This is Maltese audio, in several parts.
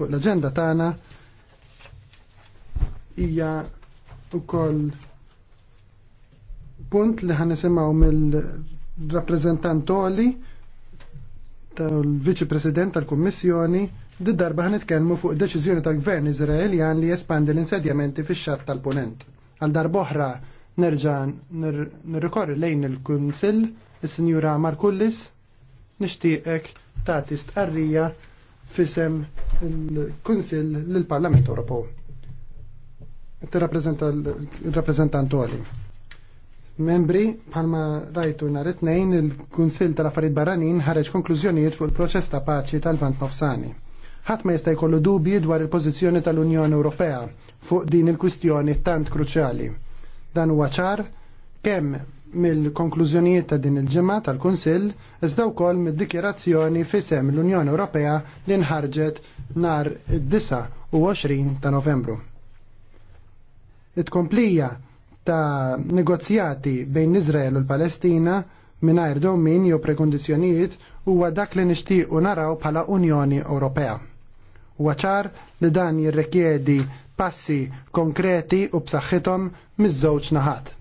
fuq l-agenda tagħna hija wkoll punt li ħan nisimgħu mill-rappreżentantoli tal-Viċi President tal-Kummissjoni di darba ħan nitkellmu fuq deċiżjoni tal-Gvern Iżraeljan li jespandi l-insedjamenti fix-xatt tal-Punent. Għal darba oħra nerġa' nirrikorri lejn il-Kunsill is-Sinjura Markullis nixtieqek tagħti stqarrija fisem il-Kunsil l-Parlament Ewropew. Tirrappreżenta l-rappreżentant għali. Membri, bħalma rajtu nhar it-tnejn, il-Kunsil tal-Affarijiet Barranin ħareġ konklużjonijiet fuq il-proċess ta' paċi tal-Vant Nofsani ħadd ma jista' jkollu dubji dwar il-pożizzjoni tal-Unjoni Ewropea fuq din il-kwistjoni tant kruċjali. Dan huwa ċar kemm mill-konklużjonijiet ta' din il-ġimgħa tal-Kunsill iżda wkoll mid-dikjerazzjoni fisem l-Unjoni Ewropea li nħarġet nhar id-29 ta' Novembru. It-komplija ta' negozjati bejn l-Iżrael u l-Palestina mingħajr domin jew prekundizzjonijiet huwa dak li nixtiequ naraw bħala Unjoni Ewropea. Huwa ċar li dan jirrikjedi passi konkreti u b'saħħithom miż-żewġ naħat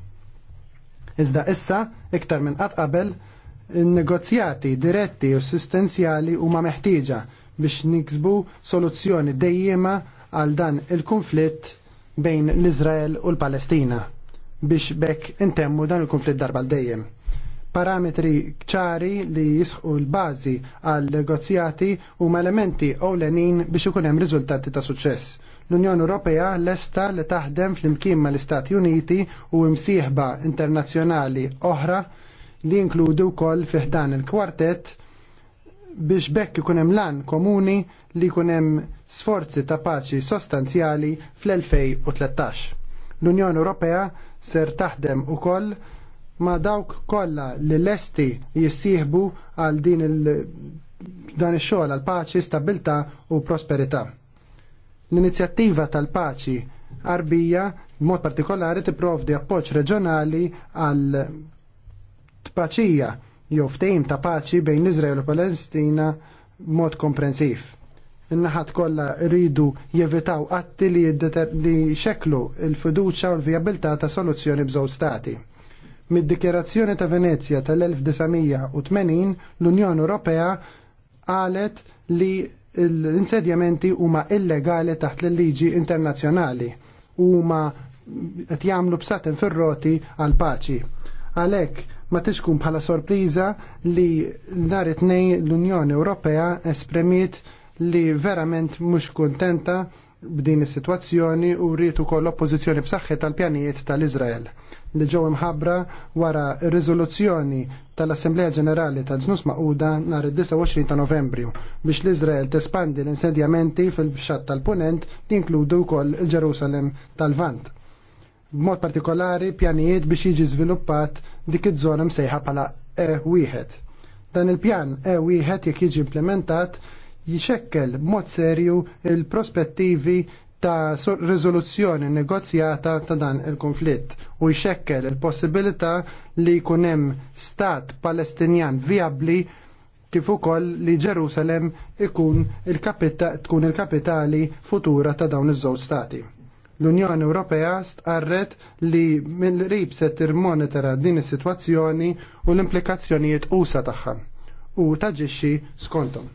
Iżda issa, iktar minn qatt qabel, in negozjati diretti u sistenzjali huma meħtieġa biex niksbu soluzzjoni dejjema għal dan il-konflitt bejn l-Izrael u l-Palestina biex bekk intemmu dan il-konflitt darba l-dejjem. Parametri ċari li jisħu l-bazi għal negozjati u elementi ewlenin biex ikun hemm riżultati ta' suċċess L-Unjoni Ewropea lesta li taħdem fl-imkien mal-Istati Uniti u msieħba internazzjonali oħra li inkludu wkoll fih dan il-kwartett biex bekk ikun hemm lan komuni li jkun hemm sforzi ta' paċi sostanzjali fl-2013. L-Unjoni Ewropea ser taħdem ukoll ma' dawk kollha li lesti jissieħbu għal din il- dan ix-xogħol għal paċi, stabbiltà u prosperità. L-inizjattiva tal-paċi arbija b'mod partikolari tipprovdi appoġġ reġjonali għal tpaċija jew ftehim ta' paċi bejn Iżrael u Palestina b'mod komprensiv. In-naħat kollha rridu jevitaw atti li, li xeklu il-fiduċja u l-vijabilità ta' soluzzjoni b'żewġ stati. Mid-dikjerazzjoni ta' Venezia tal-1980 l-Unjoni Ewropea qalet li l-insedjamenti huma illegali taħt l-liġi internazzjonali u ma qed jagħmlu b'saten fir-roti għal paċi. Għalhekk ma tixkun bħala sorpriża li nhar it-tnejn l-Unjoni Ewropea espremiet li verament mhux kuntenta b'din is-sitwazzjoni u rrid ukoll oppożizzjoni b'saħħet tal-pjanijiet tal-Iżrael li ġew imħabbra wara riżoluzzjoni tal-Assembleja Ġenerali tal ġnus Maquda nhar id-29 ta' Novembru biex l-Iżrael tespandi l-insedjamenti fil-bxat tal-Punent li inkludu wkoll il ġerusalem tal-Vant. B'mod partikolari pjanijiet biex jiġi żviluppat dik iż-żona msejħa bħala E1. Dan il-pjan E1 jekk jiġi implementat jixekkel b'mod serju il-prospettivi ta' riżoluzzjoni negozjata ta' dan il-konflitt u jxekkel il-possibilità li jkun hemm stat palestinjan viabli kif ukoll li Ġerusalem ikun il tkun il-kapitali futura ta' dawn iż-żewġ stati. L-Unjoni Ewropea stqarret li mill-qrib se tirmonitora din is-sitwazzjoni u l-implikazzjonijiet qusa tagħha u taġixxi skontom.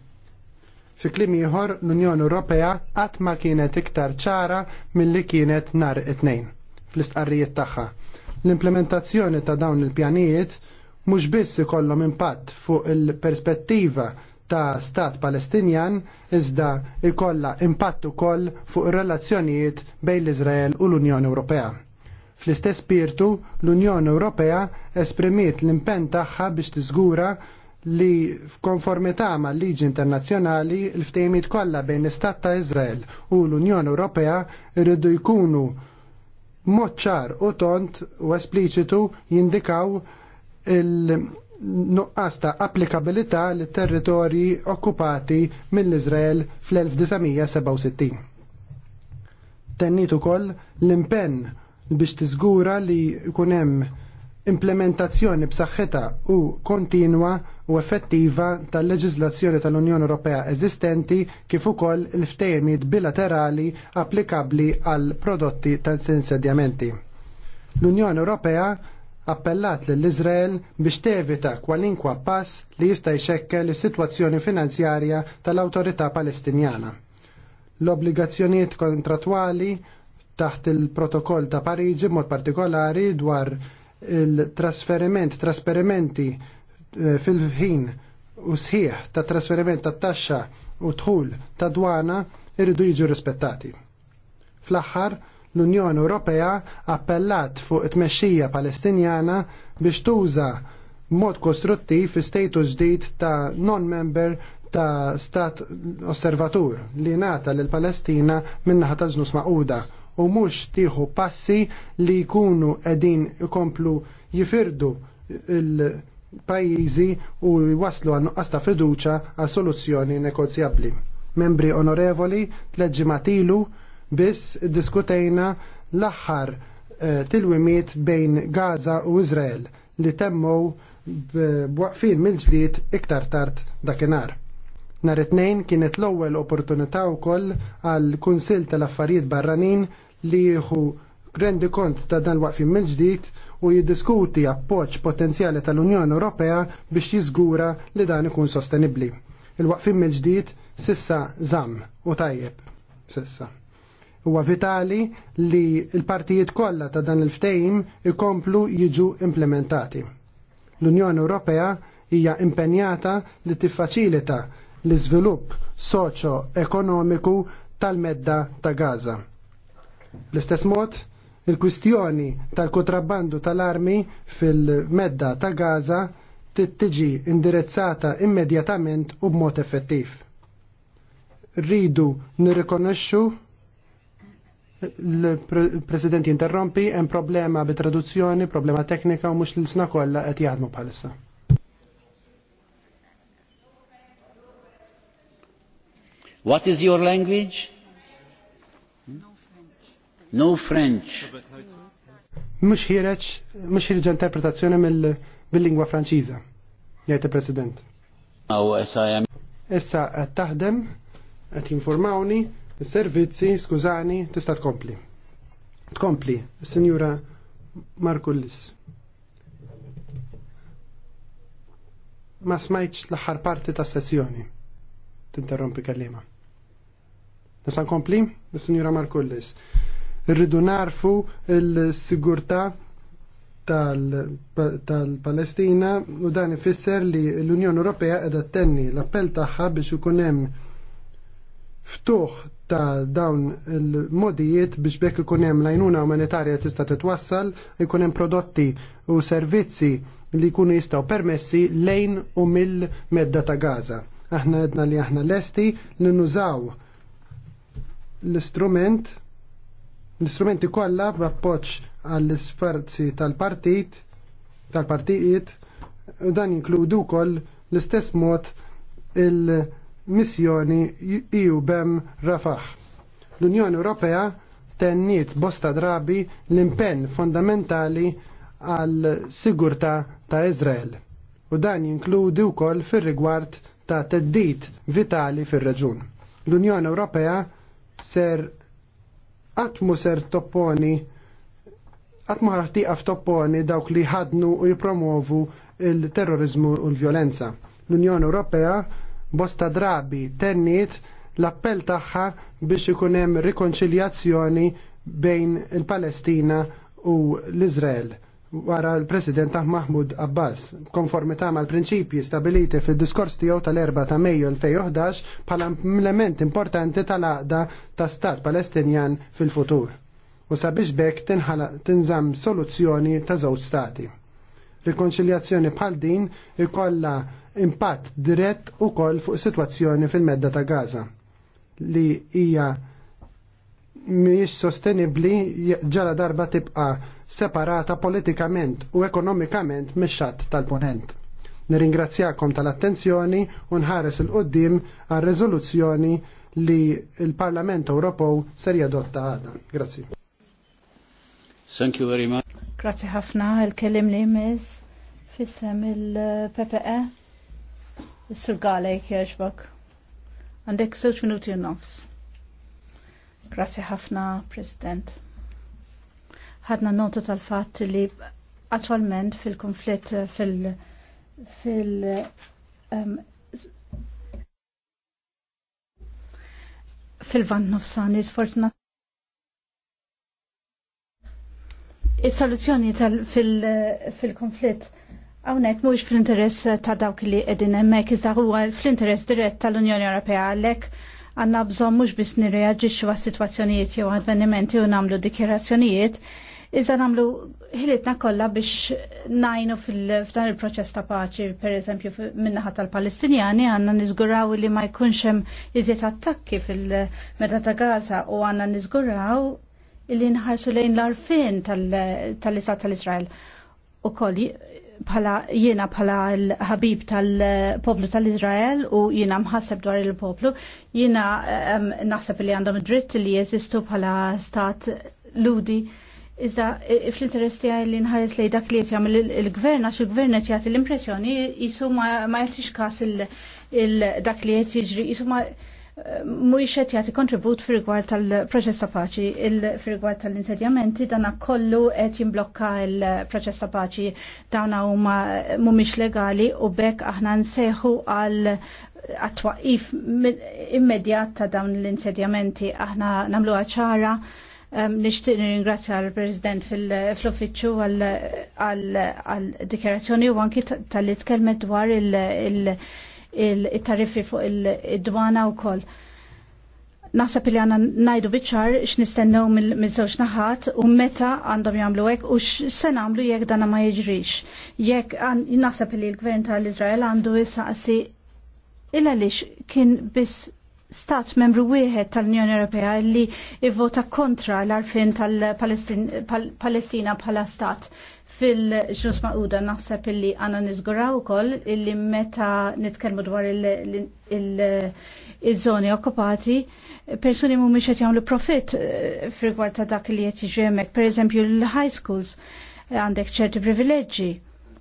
Fi klim ieħor l-Unjoni Ewropea qatt ma kienet iktar ċara milli kienet nhar it-tnejn fl-istqarrijiet tagħha. L-implementazzjoni ta' dawn il-pjanijiet mhux biss ikollhom impatt fuq il-perspettiva ta' stat Palestinjan iżda ikollha impatt ukoll fuq ir-relazzjonijiet bejn l-Iżrael u l-Unjoni Ewropea. Fl-istess spirtu, l-Unjoni Ewropea esprimiet l impenn tagħha biex tiżgura li f'konformità ma' liġi internazzjonali l-ftejmiet kollha bejn l-Istat ta' Izrael u l-Unjoni Ewropea rridu jkunu moċċar u tont u espliċitu jindikaw il-nuqqas ta' applikabilità li territorji okkupati mill-Iżrael fl-1967. Tennit ukoll l-impenn biex tiżgura li jkun hemm implementazzjoni b'saħħitha u kontinwa u effettiva tal-leġiżlazzjoni tal-Unjoni Ewropea eżistenti kif ukoll il ftehimiet bilaterali applikabbli għal prodotti tal-insedjamenti. L-Unjoni Ewropea appellat lill iżrael biex tevita kwalinkwa pass li jista' jxekkel is-sitwazzjoni finanzjarja tal-Awtorità Palestinjana. L-obbligazzjonijiet kontratwali taħt il-protokoll ta' Pariġi mod partikolari dwar il-trasferiment, trasferimenti Eh, fil-ħin u sħiħ ta' trasferiment ta' taxxa u dħul ta' dwana irridu jiġu rispettati. Fl-aħħar, l-Unjoni Ewropea appellat fuq it-mexxija Palestinjana biex tuża mod kostruttiv status ġdid ta' non-member ta' stat osservatur li nata lil palestina min-naħa ta' ġnus maquda u mhux tieħu passi li jkunu qegħdin ikomplu jifirdu il- pajjiżi u waslu għan nuqqas ta' fiduċa għal soluzzjoni negozjabbli. Membri onorevoli, matilu, biss diskutejna l-aħħar eh, tilwimiet bejn Gaza u Izrael li temmu b'waqfin mill-ġlied iktar tard dakinhar. Nhar it-tnejn kienet l-ewwel opportunità wkoll għal kunsill tal-affarijiet barranin li jieħu rendikont kont ta' dan waqfin mill-ġdid u jiddiskuti appoġġ potenzjali tal-Unjoni Ewropea biex jiżgura li dan ikun sostenibbli. il waqfim mill-ġdid sissa żamm u tajjeb sissa. Huwa vitali li l-partijiet kollha ta' dan il-ftehim ikomplu jiġu implementati. L-Unjoni Ewropea hija impenjata li tiffaċilita l-iżvilupp soċo-ekonomiku tal-medda ta' Gaza. l istess mod, Il-kwistjoni tal-kontrabbandu tal-armi fil-medda ta' Gaza tiġi indirizzata immedjatament u b'mod effettiv. Rridu nirrikonoxxu l-President interrompi, hemm problema bi traduzzjoni, problema teknika u mhux l-sna kollha qed jaħdmu bħalissa. What is your language? No French. Mux ħireċ, mux ħireċ interpretazzjoni mill-lingwa franċiza, jgħajt il-President. Issa Essa taħdem, għet informawni, servizzi skużani, tista tkompli. Tkompli, il-Senjura Markullis. Ma smajċ l-ħar parti ta' sessjoni. Tinterrompi kallima. Nista' kompli, il-Senjura Markullis. Rridu narfu l sigurta tal-Palestina u dan ifisser li l-Unjoni Ewropea qiegħda tenni l-appell tagħha biex ikun hemm ftuħ ta' dawn il-modijiet biex bekk ikun hemm lajnuna umanitarja tista' titwassal, ikun hemm prodotti u servizzi li jkunu jistgħu permessi lejn u mill-medda ta' Gaza. Aħna edna li aħna lesti li nużaw l-istrument L-istrumenti kollha b'appoġġ għall-isforzi tal-partit tal-partijiet u dan jinkludu wkoll l-istess mod il-missjoni EU bem Rafah. L-Unjoni Ewropea tenniet bosta drabi l-impenn fondamentali għal sigurtà ta' Izrael u dan jinkludi wkoll fir-rigward ta' teddit vitali fir-reġun. L-Unjoni Ewropea ser mu ser topponi għatmu ħarti għaf topponi dawk li ħadnu u jipromovu il-terrorizmu u l-violenza. L-Unjoni Ewropea bosta drabi tenniet l-appell tagħha biex ikun hemm rikonċiljazzjoni bejn il-Palestina u l-Izrael wara l-President Mahmoud Abbas, konformità mal prinċipji stabiliti fil-diskors tiegħu tal-4 ta' Mejju 2011 bħala element importanti tal-għaqda ta' Stat Palestinjan fil-futur. U sabiex bekk tinżamm soluzzjoni ta' żewġ stati. Rikonċiljazzjoni bħal din ikolla impatt dirett ukoll fuq sitwazzjoni fil-medda ta' Gaza li hija mhijiex sostenibbli ġala darba tibqa separata politikament u ekonomikament mix-xatt tal-ponent. Nirringrazzjakom tal-attenzjoni u nħares il-qoddim għal rezoluzzjoni li il-Parlament Ewropew ser jadotta għada. Grazzi. Thank you very much. Grazzi ħafna il-kelim li jmiss fissem il-PPE. Sir Gale, Galej kjerġbak. Għandek żewġ minuti u nofs. Grazie ħafna, President. Ħadna nota tal-fatt li attualment fil-konflitt fil- fil um, fil-vant nofsani sfortunat. Is-soluzzjoni fil-konflitt Għawnek mux fl-interess ta' dawk li edin emmek, iżda huwa fl-interess dirett tal-Unjoni Ewropea għalek għanna bżon mux bis nirreagġiċu għas situazzjonijiet jew avvenimenti u namlu dikjerazzjonijiet, iżda namlu ħilitna kollha biex najnu f'dan il-proċess ta' paċi, per eżempju, minnaħat tal-Palestinjani għanna nizguraw li ma jkunx hemm iżjed attakki fil-meta ta' Gaza u għanna nizguraw li nħarsu lejn l-arfin tal-isat tal-Izrael. U koll bħala jiena bħala l-ħabib tal-poplu tal-Izrael u jiena mħasseb dwar il-poplu, jiena um, naħseb li għandhom dritt li jeżistu bħala stat ludi. Iżda fl-interess tiegħi li nħares li dak li jagħmel il-gvern għax il-gvern qed jagħti l-impressjoni jisu ma jagħtix każ il-dak li qed jiġri jisu ma' Mhuwiex qed jagħti kontribut fi rigward tal-proċess ta' paċi, fi rigward tal-insedjamenti dana kollu qed jimblokka il-proċess ta' paċi dawna huma mhumiex legali u bekk aħna nseħu għal għat-twaqif immedjat ta' dawn l-insedjamenti aħna namlu ċara nishtiq ringrazzja għal president fil-uffiċċju għal dikjarazzjoni u anki tal-li tkellmet dwar il- il-tariffi fuq il-dwana u koll. Naħseb li għanna najdu biċar x'nistennew mill-żewġ naħat u meta għandhom jagħmlu hekk u x'se nagħmlu jekk dana ma jiġrix. Jekk naħseb li l-gvern tal-Iżrael għandu jisaqsi illa lix kien bis stat membru wieħed tal-Unjoni Ewropea li ivvota kontra l-arfin tal-Palestina bħala stat fil ġusma uda naħseb illi għana nizguraw kol illi meta nitkelmu dwar il-żoni okkupati, personi mu miexet jgħamlu profit eh, frigwar ta' dak li jgħet jġemek, per eżempju l-high schools eh, għandek ċerti privileġġi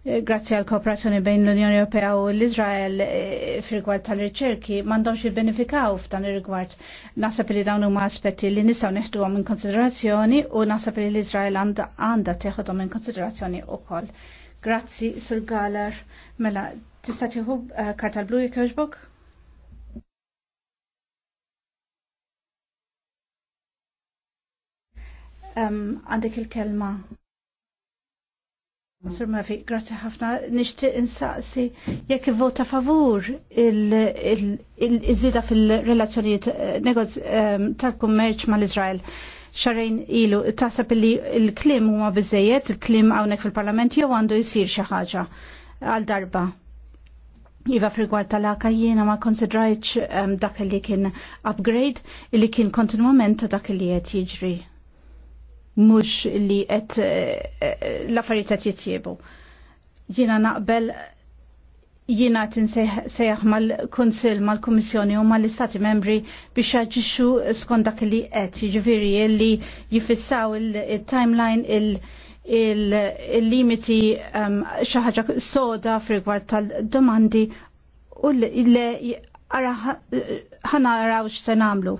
grazzi għal kooperazzjoni bejn l-Unjoni Ewropea u l-Izrael eh, fil-rigward tal-riċerki m'għandhomx jibbenefikaw f'dan ir-rigward. Nasab li dawn huma aspetti li nistgħu neħduhom minn konsiderazzjoni u nasab li l-Izrael għandha teħodhom minn konsiderazzjoni ukoll. Grazzi, Sur Galer. Mela, tista' tieħu eh, karta l-blu jekk jogħġbok? Għandek il-kelma. Sur Mavi, grazie ħafna. nishti insaqsi jekk vota favur il-żida fil-relazzjonijiet eh, ehm, tal-kummerċ mal-Izrael xarajn ilu, tasab li il-klim huma bizzejiet, il-klim hawnhekk fil-Parlament jew għandu jsir xi ħaġa għal darba. Iva f'rigward tal laka jiena ma konsidrajċ ehm, dak li kien upgrade, li kien kontinuament dak li qed jiġri mux li għet eh, eh, l-affarijiet jitjiebu. Jina naqbel jina tinsejħ mal-Konsil, mal-Komissjoni u mal-Istati membri biex jaġixxu skont dak li qed jiġifieri li jifissaw il-timeline il-limiti ehm, xi ħaġa soda f'rigward tal-domandi u le araw x'se nagħmlu.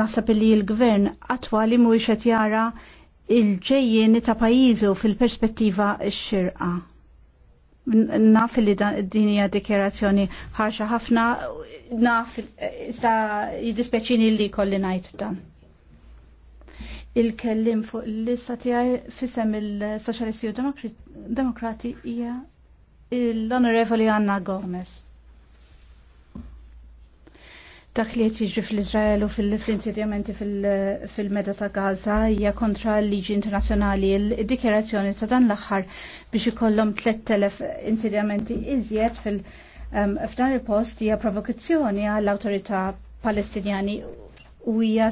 Nasab li l-gvern attwali mhuwiex qed jara il-ġejjien ta' pajjiżu fil-perspettiva x-xirqa. Naf li din hija dikjerazzjoni ħarxa ħafna, naf iżda jiddispjaċini li kolli ngħid dan. Il-kellim fuq l-lista tiegħi fisem il-Soċjalisti u Demokrati hija l-Onorevoli Anna Gomez dak li qed jiġri fl-Iżrael u fil-insedjamenti fil-meda ta' Gaza hija kontra l-liġi internazzjonali. l dikjerazzjoni ta' dan l-aħħar biex ikollhom 3000 insedjamenti iżjed fil- f'dan il-post hija provokazzjoni għall-awtorità Palestinjani u hija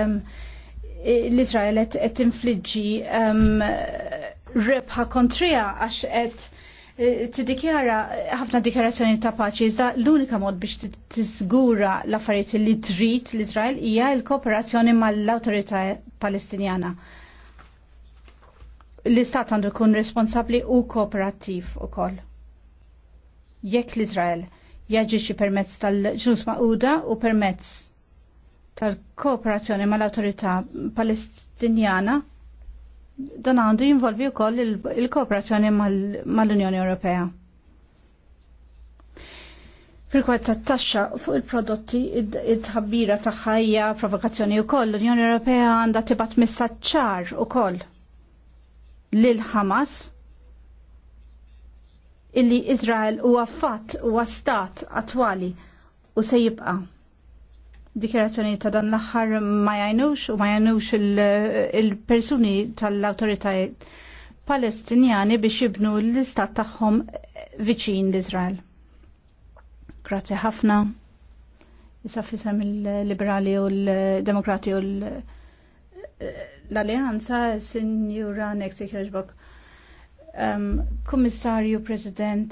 l-Iżrael qed tinfliġġi rebħa kontrija għax qed Eh, tiddikjara ħafna dikjarazzjoni ta' paċi iżda l-unika mod biex tiżgura l-affarijiet li trid l-Iżrael hija l-kooperazzjoni mal-awtorità Palestinjana. L-Istat għandu jkun responsabbli u kooperattiv ukoll. Jekk l izrael jaġixxi permezz tal ġus Uda u permezz tal-kooperazzjoni mal-awtorità Palestinjana, dan għandu jinvolvi wkoll il-kooperazzjoni mal-Unjoni Ewropea. Fil-kwad ta' taxxa fuq il-prodotti id-tħabbira ta' ħajja provokazzjoni wkoll l-Unjoni Ewropea għandha tibgħat messaċċar ukoll lil Hamas illi Izrael huwa fatt huwa stat attwali u se jibqa' dikjerazzjoni ta' dan l-aħħar ma jajnux u ma jajnux il-persuni il persuni tal autoritajiet palestinjani biex jibnu l-istat tagħhom viċin l-Izrael. Grazie ħafna. Issa fisem il-liberali u l-demokrati u l-alleanza, Signora Nexi Kirchbock. Um, Kommissarju, President,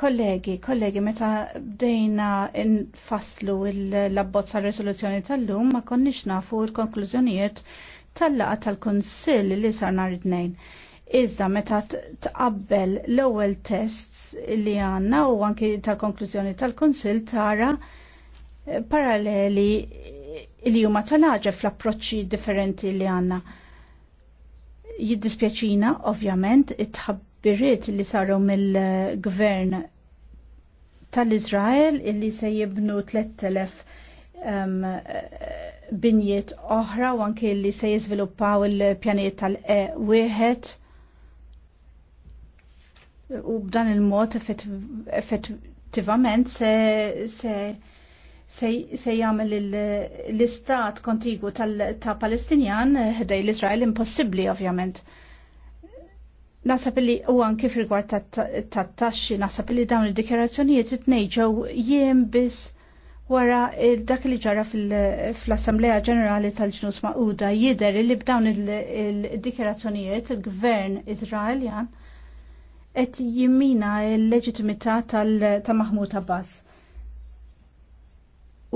Kollegi, kollegi, meta bdejna nfasslu l-abbozza risoluzzjoni tal-lum ma konniex nafu l-konklużjonijiet tal-laqa tal konsil li sar nhar it-tnejn. Iżda meta tqabbel l-ewwel tests li għandna u anki tal-konklużjoni tal konsil tara eh, paralleli li huma tal-aġa fl-approċċi differenti li għandna. Jiddispjaċina, ovvjament, it-tħabb birrit li saru mill-gvern tal-Izrael illi se jibnu 3000 um, binjiet oħra u anke li se jizviluppaw il-pjaniet tal-E wieħed u b'dan il-mod effettivament se, se se jagħmel l-istat kontigu tal-Palestinjan ħdej l-Israel impossibbli ovvjament. Nasab li u anki fil tat-taxxi, nasab li dawn id-dikjarazzjonijiet itnejġew jiem biss wara dak li ġara fl-Assemblea Ġenerali tal-Ġnus Maquda jider li b'dawn il-dikjarazzjonijiet il-Gvern Izraeljan qed jimmina l leġittimità ta' Mahmud Abbas.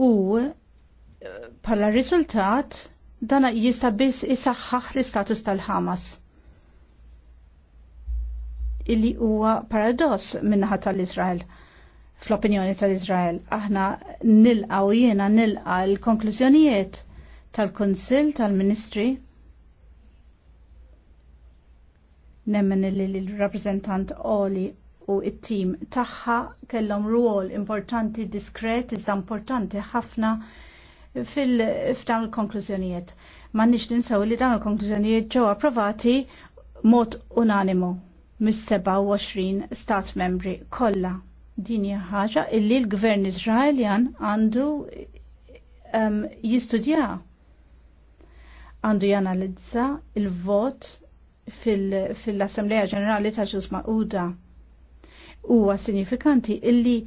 U pala eh, riżultat dan jista' biss isaħħaħ l-istatus tal-Ħamas illi huwa paradoss minnaħa tal-Izrael fl-opinjoni tal-Izrael. Aħna nilqa u jiena nilqa l-konklużjonijiet tal-Konsil tal-Ministri nemmen li l-rappresentant Oli u it-tim tagħha kellhom ruol importanti diskret iżda importanti ħafna fil-f'dawn il-konklużjonijiet. Ma nix ninsaw li dawn il-konklużjonijiet ġew approvati mod unanimu mis-27 stat membri kollha. Din hija ħaġa illi l-Gvern Iżraeljan għandu um, jistudja għandu janalizza il-vot fil-Assembleja fil Ġenerali ta' Ġusma Uda. Huwa sinifikanti illi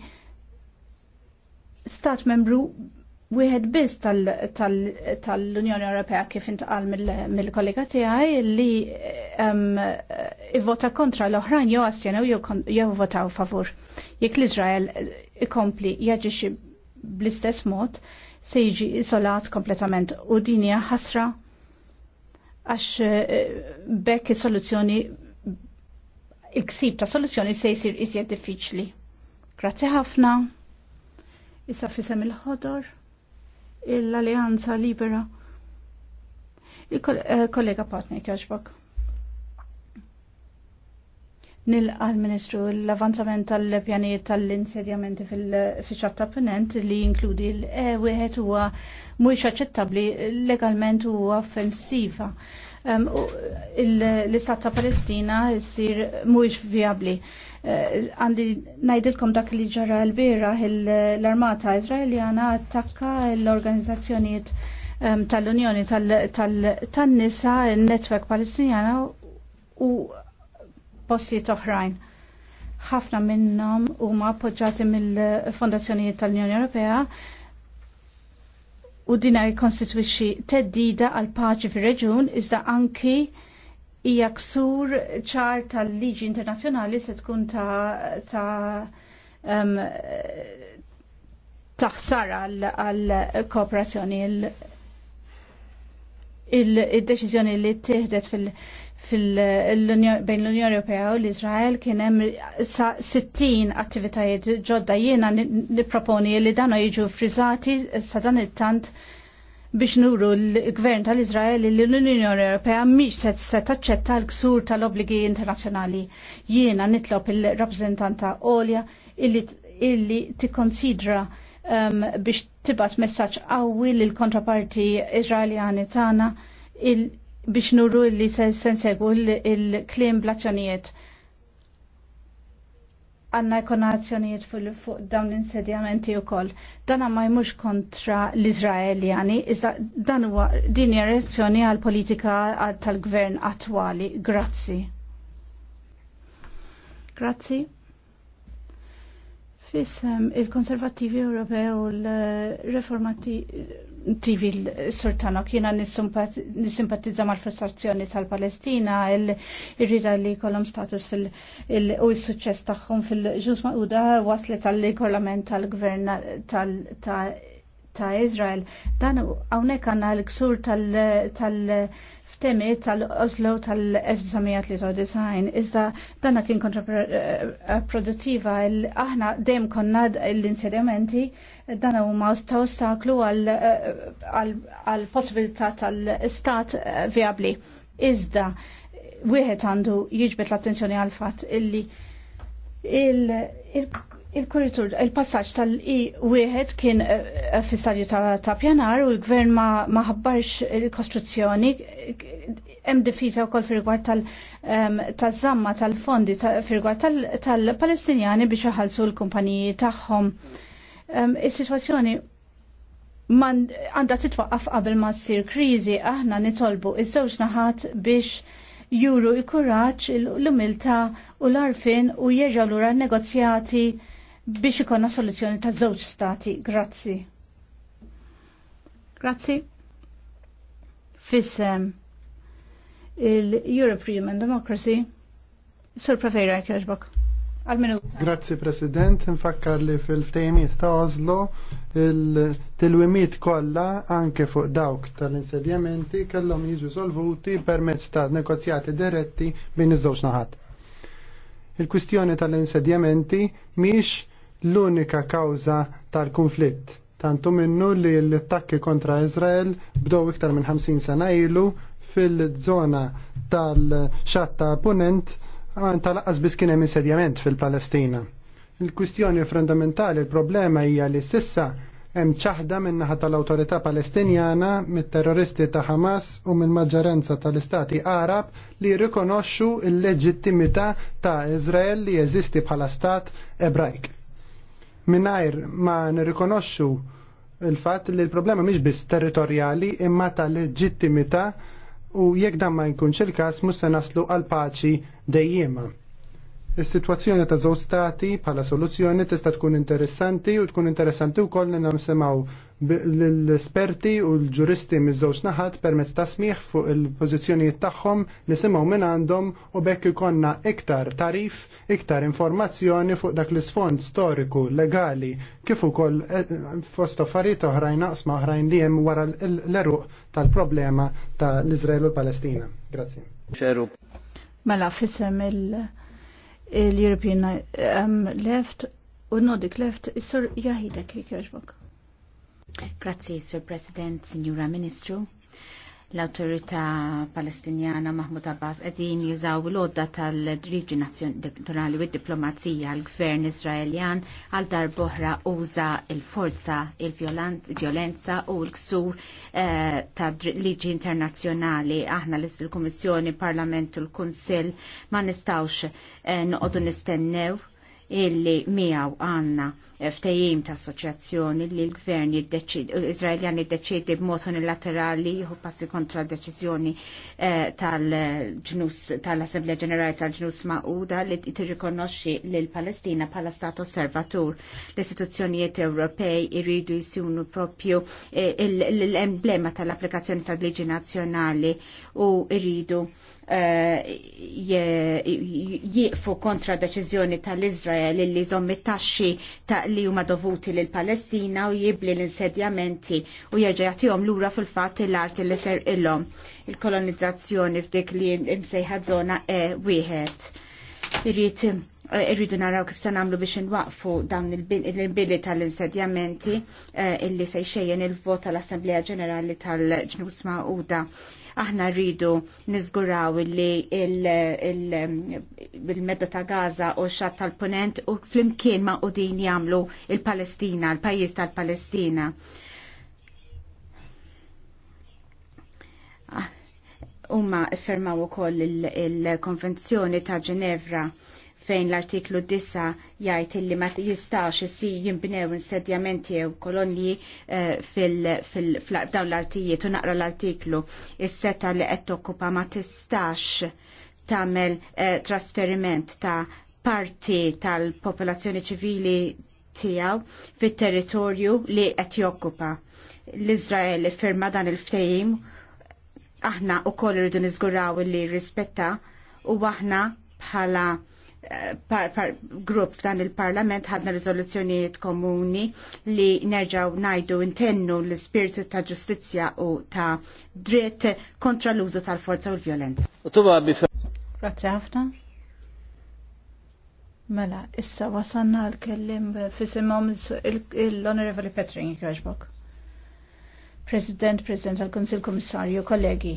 stat membru wieħed biss tal-Unjoni Ewropea kif intqal mill-kollega tiegħi li ivvota kontra l-oħrajn jew astjenew jew votaw favur. Jekk l-Iżrael ikompli jaġixxi bl-istess mod se jiġi isolat kompletament u din hija ħasra għax eh, bekk is-soluzzjoni il-ksib ta' soluzzjoni se jsir iżjed diffiċli. Grazzi ħafna. Issa fisem il-ħodor l-Alleanza Libera. Il-kollega eh, partner jaġbak. Nil għal ministru l-avanzament tal-pjaniet tal-insedjamenti fil-ċatta punent li jinkludi l-wieħed eh, huwa mhux aċċettabbli legalment u offensiva. L-Istat ta' Palestina jsir mhux viabli. Eh, għandi najdilkom dak li ġara l-bira l-armata izraeljana attakka l-organizzazzjoniet ehm, tal-Unjoni tal-Nisa, il-Netwerk Palestinjana u postijiet oħrajn. Ħafna minnhom huma appoġġjati mill-Fondazzjonijiet tal-Unjoni Ewropea u dinaj konstitwixxi teddida għal paċi fir-reġun iżda anki hija ksur ċar tal-liġi internazzjonali se tkun ta' ta' um, taħsar għal kooperazzjoni il-deċiżjoni li tieħdet fil- bejn l-Unjoni Ewropea u l-Izrael kien hemm 60 attivitajiet ġodda jiena nipproponi li dan jiġu frizzati sa dan it-tant biex nuru l-gvern tal-Izrael li l-Unjoni Ewropea mhix se taċċetta l-ksur tal-obbligi internazzjonali. Jiena nitlob il-rappreżentanta Olja illi, tikkonsidra um, biex tibat messaġġ qawwi lil kontraparti Izraeljani tagħna biex nuru li se nsegwu l-klim blazzjonijiet għanna jkonazzjonijiet fuq dawn l-insedjamenti u koll. Dan ma jmux kontra l-Izraeljani, iżda dan huwa din reazzjoni għal politika tal-gvern attwali. Grazzi. Grazzi. Fissem il-konservativi Ewropew u l-reformativi l-sortanok jina nisimpatizza mal-frustrazzjoni tal-Palestina, il-rida li kolom status fil- u il-sucċess tagħhom fil-ġus maquda waslet tal-regolament tal-gvern tal israel Dan hawnhekk għandna l-ksur tal-, tal, tal temiet tal-Oslo tal-1993, iżda danna kien kontraproduttiva aħna dejjem konna l-insedimenti dan huma ta' ostaklu għal possibilità tal-istat eh, viabli. Iżda wieħed għandu jiġbet l-attenzjoni għal fatt illi il il kuritur il il-passaċ i wieħed kien eh, eh, fil-stadju ta' pjanar u l-gvern ma ħabbarx il-kostruzzjoni. Hemm difiża wkoll fil-rigward tal zamma ehm, tal-fondi fil-rigward tal-Palestinjani biex iħallsu l-kumpaniji tagħhom. Ehm, is-sitwazzjoni għandha titwaqqaf qabel ma ssir kriżi aħna nitolbu iż-żewġ naħat biex juru il kuraġġ l-umilta u l-arfin u jieġaw l-ura negozjati biex ikonna soluzzjoni ta' żewġ stati. Grazzi. Grazzi. Fissem il-Europe Freedom and Democracy. Sur Prefejra Kjoġbok. Grazzi President, nfakkar li fil-ftejmiet ta' Oslo il-tilwimiet kollha anke fuq dawk tal-insedjamenti kellhom jiġu solvuti permezz ta' negozjati diretti bejn iż-żewġ naħat. Il-kwistjoni tal-insedjamenti miex l-unika kawza tal-konflitt. Tantu minnu li l-attakki kontra Izrael bdow iktar minn 50 sena ilu fil-żona tal-xatta ponent tal-aqqas biss kien hemm insedjament fil-Palestina. Il-kwistjoni fundamentali il-problema hija li sissa hemm ċaħda minnaħa tal-Awtorità Palestinjana mit-terroristi ta' Hamas u mill-maġġoranza tal-Istati Arab li rikonoxxu l-leġittimità ta' Izrael li jeżisti bħala stat Ebrajk minnajr ma nirrikonoxxu il-fatt li l-problema mhix biss territorjali imma ta' leġittimità u jekk dan ma jkunx il-każ mhux se naslu għal paċi dejjema. Is-sitwazzjoni ta' żewġ stati bħala soluzzjoni tista' tkun interessanti u tkun interessanti wkoll li nsemgħu l-esperti u l-ġuristi miż-żewġ naħat permezz ta' smieħ fuq il-pożizzjonijiet tagħhom nisimgħu minn għandhom u bekk ikonna iktar tarif, iktar informazzjoni fuq dak l-isfond storiku, legali, kif ukoll eh, fost affarijiet oħrajn naqsma oħrajn li hemm wara l-eruq tal-problema ta' l-Iżrael u l-Palestina. Grazzi. Xeru. Mela fissem il-European eh, um, Left u Nordic Left, is-sur jahidek jekk jogħġbok. Grazzi, Sir President, Signora Ministru l autorita palestinjana Mahmoud Abbas edin jużaw l-odda tal-driġi nazjonali u diplomazija l-gvern Izraeljan għal dar boħra uża il-forza, il-violenza u l-ksur eh, ta' liġi internazjonali. Aħna l-Kommissjoni, Parlament u l-Kunsil ma nistawx eh, noqodu nistennew illi miegħu għandna ftejim ta' assoċjazzjoni li l-gvern Izraeljan jiddeċidi b'mod unilaterali jieħu passi kontra deċiżjoni eh, tal-ġnus tal-Assemblea Ġenerali tal-Ġnus Maquda li tirrikonoxxi lil Palestina bħala stat osservatur. L-istituzzjonijiet Ewropej iridu jsunu propju eh, l-emblema tal-applikazzjoni tal-liġi nazzjonali u rridu eh, jieqfu kontra deċiżjoni tal-Izrael li zommi taxxi ta' li huma dovuti lil Palestina u jibli l-insedjamenti u jerġa' jagħtihom lura fil-fatt l-art li ser ilhom il-kolonizzazzjoni f'dik li imsejħa żona E wieħed. Irrit, eh, irridu naraw kif se nagħmlu biex inwaqfu dawn il-bili tal-insedjamenti eh, illi se jxejjen il-vot tal-Assembleja Ġenerali tal-Ġnus uda. Aħna rridu nizguraw li il-medda ta' Gaza u xat tal-ponent u flimkien ma' u din jamlu il-Palestina, il-pajis tal-Palestina. Ah, Umma firmaw ukoll il-Konvenzjoni ta' Ġenevra fejn l-artiklu 9 jgħid illi ma jistax si jimbnew insedjamenti jew kolonji eh, fil-dawn l-artijiet u naqra l-artiklu is-seta li qed tokkupa ma tistax tagħmel eh, trasferiment ta' parti tal-popolazzjoni ċivili tiegħu fit-territorju li qed jokkupa. L-Iżrael firma dan il-ftehim aħna u koll irridu niżguraw li rispetta u aħna bħala par, par grupp f'dan il-parlament ħadna rizoluzzjonijiet komuni li nerġaw najdu intennu l-spiritu ta' ġustizja u ta' dritt kontra l-użu tal-forza u l-violenza. Grazie ħafna. Mela, issa wasanna l-kellim fissimom l-Honorable Petring, Kirchbok. President, President tal-Konsil Komissarju, kollegi,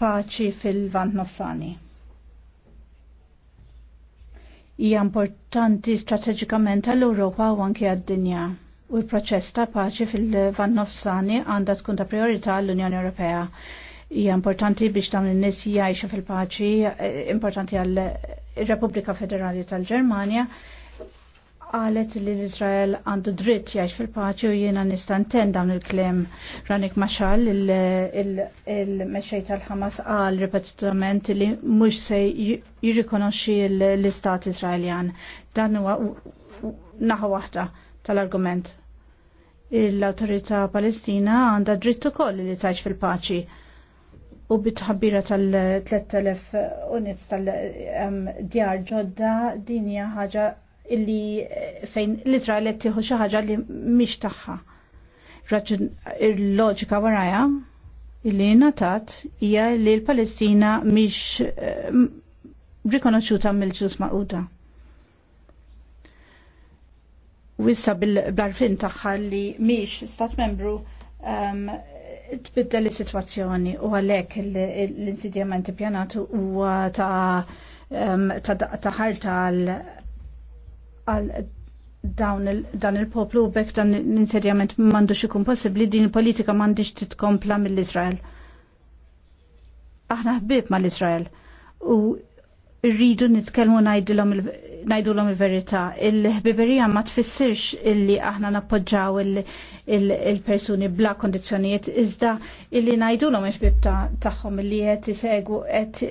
paċi fil-Vant Nofsani hija importanti strateġikament għall-Ewropa u anke għad-dinja. U l-proċess ta' paċi fil vannofsani għandha tkun ta' priorità l-Unjoni Ewropea. Hija importanti biex dawn in-nies jgħixu fil-paċi, eh, importanti għall-Repubblika Federali tal-Ġermanja għalet li l-Izrael għandu dritt jgħix fil-paċi u jiena nistanten dawn il-klem Ranik Mashal il-mexxej tal-Ħamas għal ripetitament li mhux se jirrikonoxxi l-Istat Izraeljan. Dan huwa naħa waħda tal-argument. l autorita Palestina għandha dritt ukoll li tgħix fil-paċi u bitħabbira tal-3000 unit tal-djar ġodda dinja ħaġa illi eh, fejn l-Izrael qed tieħu xi ħaġa li mhix tagħha. Il-loġika warajja illi natat hija li l-Palestina mhix eh, rikonoxxuta mill-ġus maquda. Wissa bil-barfin tagħha li mhix stat membru ehm, tbiddel is-sitwazzjoni u għalhekk l-insidjament ippjanat huwa ta' ehm, ta' ħarta għal dan il-poplu u bekk dan l-insedjament mandu ikun possibli din il-politika mandux titkompla mill-Izrael. Aħna ħbib mal-Izrael u rridu nitkellmu ngħidulhom najdulom il-verita. Il-ħbiberija ma tfissirx illi aħna nappoġġaw il-persuni bla kondizjonijiet, iżda illi najdulom il-ħbib taħħom illi qed jisegu għet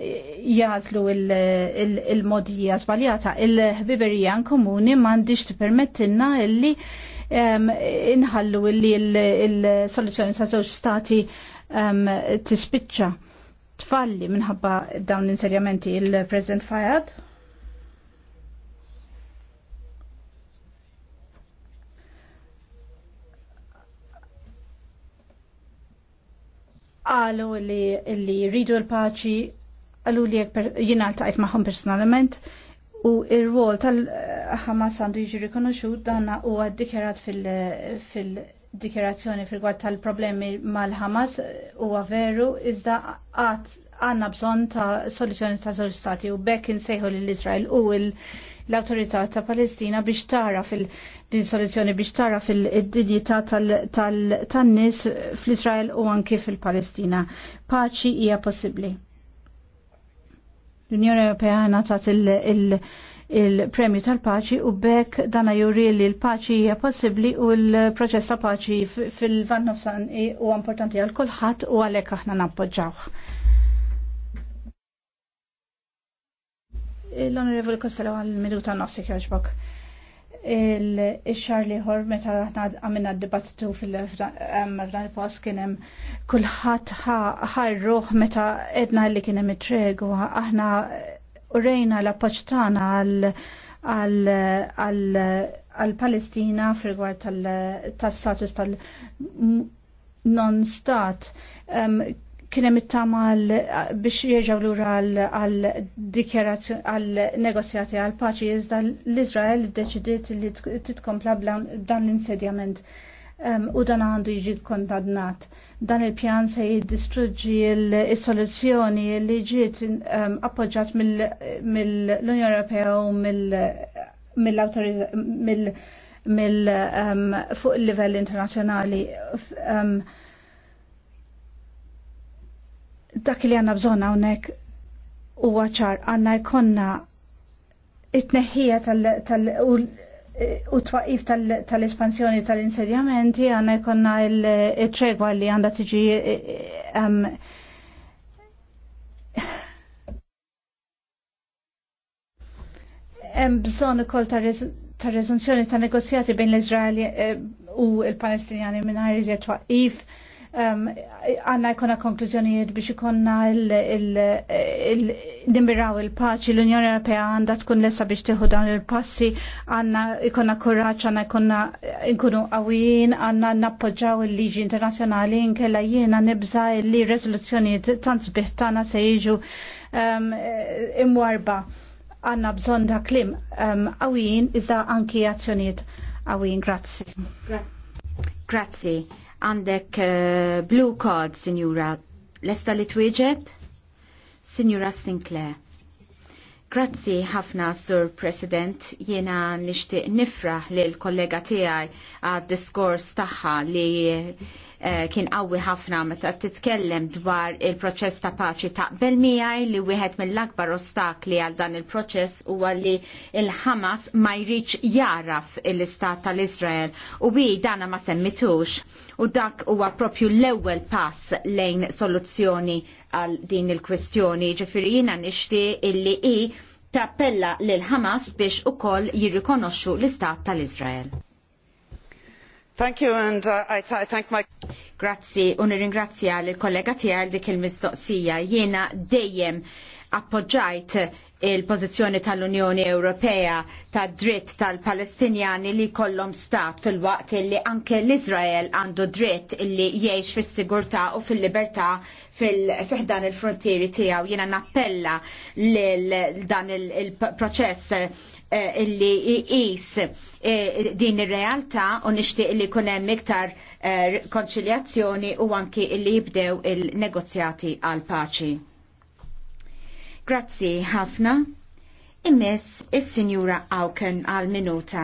jazlu il-modija zbaljata. Il-ħbiberija komuni mandiġ t-permettinna illi inħallu illi il-soluzjoni sa' stati tispiċċa tfalli minħabba dawn l-inserjamenti il-President Fayad? Għalu li rridu l-paċi, għalu li jina l-taqet maħom personalment, u il rol tal-ħamas għandu jiġi rikonoxut dan huwa ddikjarat fil-, fil dikjerazzjoni fil tal-problemi mal-Hamas eh, huwa veru iżda għat għanna bżon ta' soluzzjoni ta' żewġ stati u bekk insejħu l izrael u l-autorità ta' Palestina biex tara fil din soluzzjoni biex tara fil-dinjità tan-nies fl-Izrael u anki fil-Palestina. Paċi hija possibbli. L-Unjoni Ewropea għana ta' il il-premju tal-paċi u bekk dana juri li l-paċi hija possibbli u l-proċess ta' paċi fil vannofsan u importanti għal kulħadd u għalhekk aħna nappoġġawh. L-Onorevoli Costello għal-minuta nofsi kħarġbok. il-xar liħor meta aħna għamilna d-dibattitu fil mardan il-post kienem kullħat ħarruħ meta edna li kienem it-tregu aħna u rejna l paċtana għal għal-Palestina fil-gwar tal-status tal-non-stat. Kien hemm it-tama biex jerġgħu lura għal-dikjerazzjoni għal-negozjati għal-paċi iżda l izrael iddeċidiet li titkompla b'dan l-insedjament u dan għandu jiġi kondannat. Dan il-pjan se jiddistruġġi il-soluzzjoni li ġiet ehm, appoġġat mill-Unjoni Ewropea u mill mill ehm, fuq il-livell internazzjonali ehm, dak li għanna bżonna unnek u għacħar għanna jkonna it-neħija tal- u twaqif tal-espansjoni tal espansjoni tal insedjamenti għanna jkonna il-tregwa li għanda tiġi um, eh, eh, hemm bżonn ukoll ta' rezunzjoni ta' negozjati bejn l izraeli eh, u l-Palestinjani mingħajr iżjed twaqif għanna jkonna konklużjonijiet biex ikonna il-nimiraw il-paċi, l-Unjoni Ewropea għanda tkun lessa biex tieħu dawn il-passi, għanna jkonna kurraċ, għanna jkonna nkunu għawin, għanna nappoġġaw il-liġi internazjonali, nkella jiena nibza li rezoluzzjonijiet tant sbiħ tana se jiġu imwarba. Għanna bżon da klim għawin, iżda anki azzjonijiet għawin, grazzi. Grazzi. Għandek uh, Blue Card, Signora. Lesta li twieġeb? Signora Sinclair. Grazzi ħafna, Sur President. Jiena nixtieq nifraħ li l-kollega tiegħi għad diskors tagħha li uh, kien qawwi ħafna meta titkellem dwar il-proċess ta' paċi taqbel miegħi li wieħed mill-akbar ostakli għal dan il-proċess huwa li il-Ħamas ma jridx jaraf l-istat tal-Iżrael u wi dana ma semmitux U dak huwa propju l-ewwel pass lejn soluzzjoni għal din il-kwestjoni. Ġifieri jiena nixtieq illi hi tappella lil Hamas biex ukoll jirrikonoxxu l-Istat tal-Iżrael. Thank you and uh, I, th I thank my Grazzi u nirringrazzja l kollega tiegħi dik il-mistoqsija jiena dejjem appoġġajt il-pożizzjoni tal-Unjoni Ewropea tad dritt tal-Palestinjani li jkollhom stat fil-waqt li anke l-Izrael għandu dritt li jgħix fis-sigurtà u fil-libertà fil-fiħdan il-frontieri tiegħu. Jiena nappella lil dan il-proċess eh, illi jqis eh, din ir-realtà u nixtieq li jkun hemm iktar eh, konċiljazzjoni u anki illi jibdew il-negozjati għal paċi. Grazzi ħafna. Immiss is-Sinjura Awken għal minuta.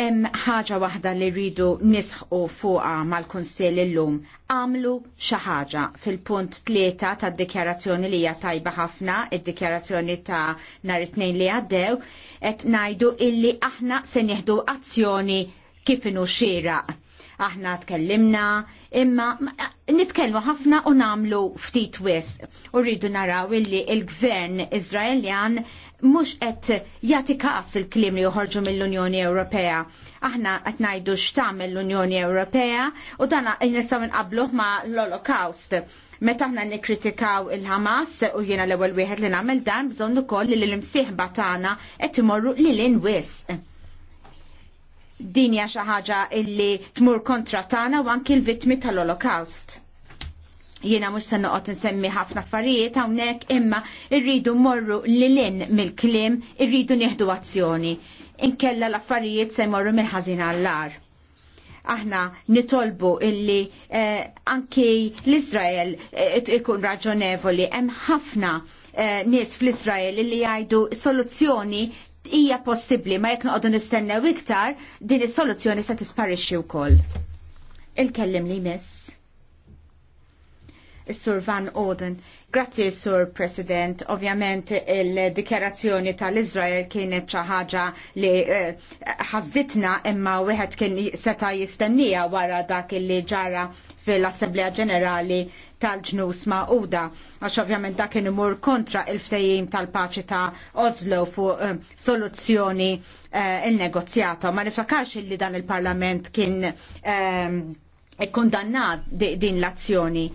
Hemm ħaġa waħda li rridu nisħqu fuqha mal kunsell illum. Għamlu xi ħaġa fil-punt tlieta tad-dikjarazzjoni li hija tajba ħafna, id-dikjarazzjoni ta' nhar it-tnejn li għaddew, qed ngħidu illi aħna se nieħdu azzjoni kif inhu xieraq Aħna tkellimna, imma nitkellmu ħafna u namlu ftit wis. U rridu naraw illi il-gvern Izraeljan mhux qed jagħti każ il-kliem li joħorġu mill-Unjoni Ewropea. Aħna qed ngħidu x'tagħmel l-Unjoni Ewropea u dan nistgħu nqabluh ma' l-Holocaust. Meta aħna nikkritikaw il-Hamas u jiena l-ewwel wieħed li nagħmel dan bżonn ukoll li l-imsieħba tagħna qed imorru lil inwis din hija xi ħaġa illi tmur kontra tagħna u anki l-vittmi tal-Holocaust. Jiena mhux se noqgħod insemmi ħafna affarijiet hawnhekk imma rridu mmorru lilin mill-kliem, irridu nieħdu azzjoni. Inkella l-affarijiet se jmorru mill-ħażin għall-ar aħna nitolbu illi eh, anki l-Izrael eh, ikun raġonevoli hemm ħafna eh, nies fl-Izrael illi jgħidu soluzzjoni hija possibbli ma jekk noqogħdu nistennew iktar din is-soluzzjoni se tisparixxi wkoll. Il-kellim li miss. Is-Sur Van Oden. Grazzi, Sur President. Ovvjament il-dikjarazzjoni tal-Izrael kienet xi ħaġa li eh, ħazditna uh, imma wieħed kien seta' jistennija wara dak li ġara fil-Assemblea Ġenerali tal-ġnus ma'uda, għax ovvjament dak kien imur kontra il ftejim tal-paċi ta' Oslo fuq uh, soluzzjoni uh, il-negozjata. Ma niftakarx li dan il-Parlament kien uh, kondannat din l-azzjoni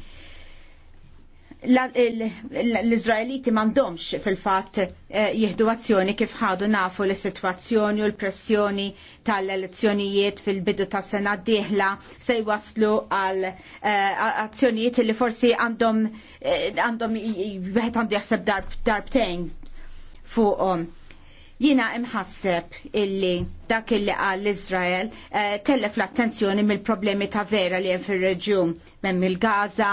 l-Izraeliti mandomx fil-fat eh, jihdu azzjoni kif ħadu nafu l-situazzjoni u l-pressjoni tal-elezzjonijiet fil-bidu ta' sena diħla se jwaslu għal eh, azzjonijiet li forsi għandhom eh, għandhom jħed għandu jaseb darbtejn fuqhom. Jina imħasseb illi dak illi għall Izrael eh, tellef l-attenzjoni mill-problemi ta' vera li jen fil-reġjun, minn il-Gaza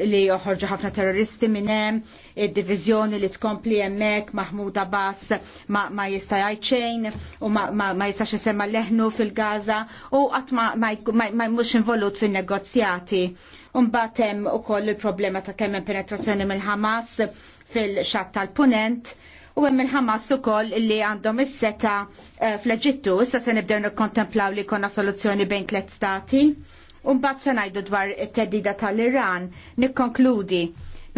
li joħorġu ħafna terroristi minn hemm, id-diviżjoni li tkompli hemmhekk Mahmud Abbas ma, jista' jgħid u ma, jistax isemma leħnu fil-Gaza u qatt ma, jmux ma mhux involut fin-negozjati. Mbagħad hemm ukoll il-problema ta' kemm penetrazzjoni mill-Ħamas fil-xatt tal-Punent u hemm il-Ħamas ukoll li għandhom is-seta eh, fl-Eġittu. Issa se nibdew nikkontemplaw li jkollna soluzzjoni bejn tliet stati. U mbagħad se ngħidu dwar it-teddida tal-Iran, nikkonkludi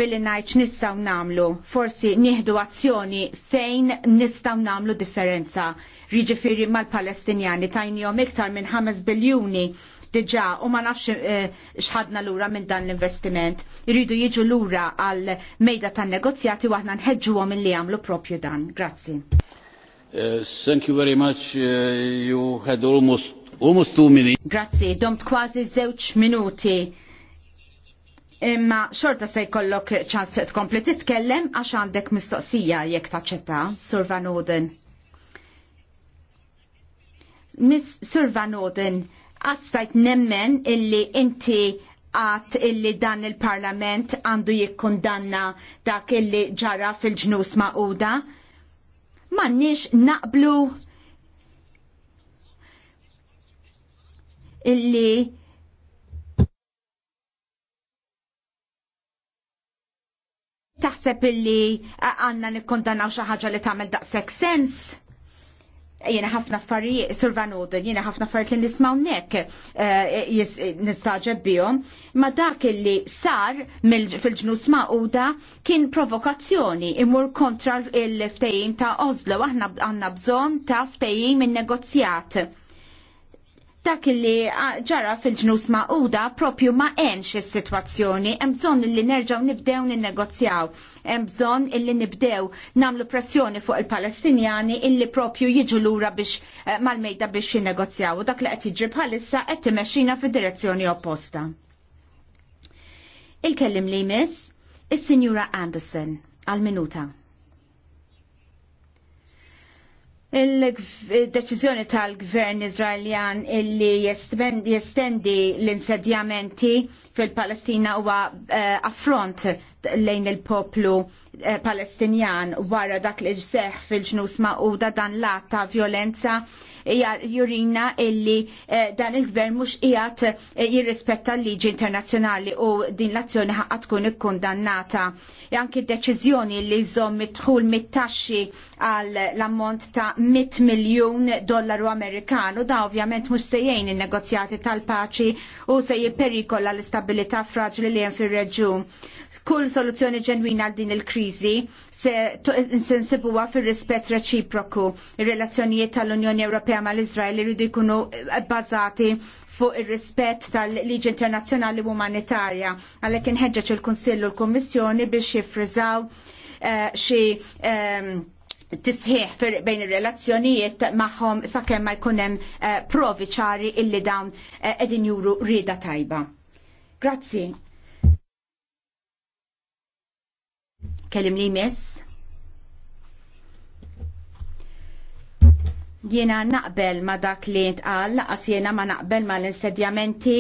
billi najċ nistaw namlu, forsi nieħdu azzjoni fejn nistaw namlu differenza. Riġifiri mal-Palestinjani tajnijom iktar minn 5 biljuni diġa u ma nafx eh, xħadna lura minn dan l-investiment. Iridu jiġu lura għal mejda tan negozjati u aħna nħedġu għom li għamlu propju dan. Grazzi. Eh, thank you very much. Eh, you had almost, almost two minutes. Grazzi, domt kważi zewċ minuti. Imma xorta se jkollok ċans tkompli titkellem għax għandek mistoqsija jekk taċċetta, Sur Van Oden. Miss Sir Van Oden, għastajt nemmen illi inti għat illi dan il-parlament għandu jikkundanna dak illi ġara fil-ġnus ma'uda. Mannix naqblu illi taħseb illi għanna nikkondannaw xi ħaġa li tagħmel daqshekk sens jena ħafna affarijiet, Survan Oden, jena ħafna affarijiet li nismaw nek eh, nistaġeb bihom, ma dak li sar fil-ġnus ma'uda kien provokazzjoni imur kontra il-ftejim ta' Oslo, aħna għanna bżon ta' ftejim il-negozjat dak li ġara fil-ġnus ma'uda propju ma' enx il-situazzjoni, bżonn li nerġaw nibdew ninnegozjaw, hemm bżonn li nibdew namlu pressjoni fuq il-Palestinjani illi propju jiġu lura biex eh, mal-mejda biex jinnegozjaw, u dak li qed jiġri bħalissa qed timexxina fid-direzzjoni opposta. Il-kellim li jmiss is-Sinjura Anderson għal-minuta. il-deċizjoni tal-gvern Izraeljan illi jestendi l-insedjamenti fil-Palestina huwa eh, affront lejn il-poplu eh, Palestinjan wara dak li ġseħ fil-ġnus ma' dan l-att ta' violenza jurina illi eh, dan il-gvern mhux qiegħed eh, jirrispetta l-liġi internazzjonali u din l-azzjoni ħaqqa tkun ikkundannata. Janki e d-deċiżjoni li żomm mitħul mit-taxxi għal l-ammont ta' 100 miljun dollaru Amerikanu da' ovvjament mhux sejjejn in-negozjati tal-paċi u se jipperikolla l istabilita fraġli li hemm fir-reġjun. Kull soluzzjoni ġenwina għal din il-kriżi se nsibuha fir-rispett reċiproku. il relazzjonijiet tal-Unjoni Ewropea mal-Iżrael iridu jkunu eh, bbażati fuq ir-rispett tal-liġi internazzjonali umanitarja. Għalhekk inħeġġeġ il-Kunsill u l-Kummissjoni biex jiffriżaw eh, xi ehm, tisħiħ bejn ir-relazzjonijiet magħhom sakemm ma jkun hemm eh, provi ċari illi dawn qegħdin juru rida tajba. Grazzi, Kellim li miss. Jiena naqbel ma dak li tqal, laqas jiena ma naqbel ma l-insedjamenti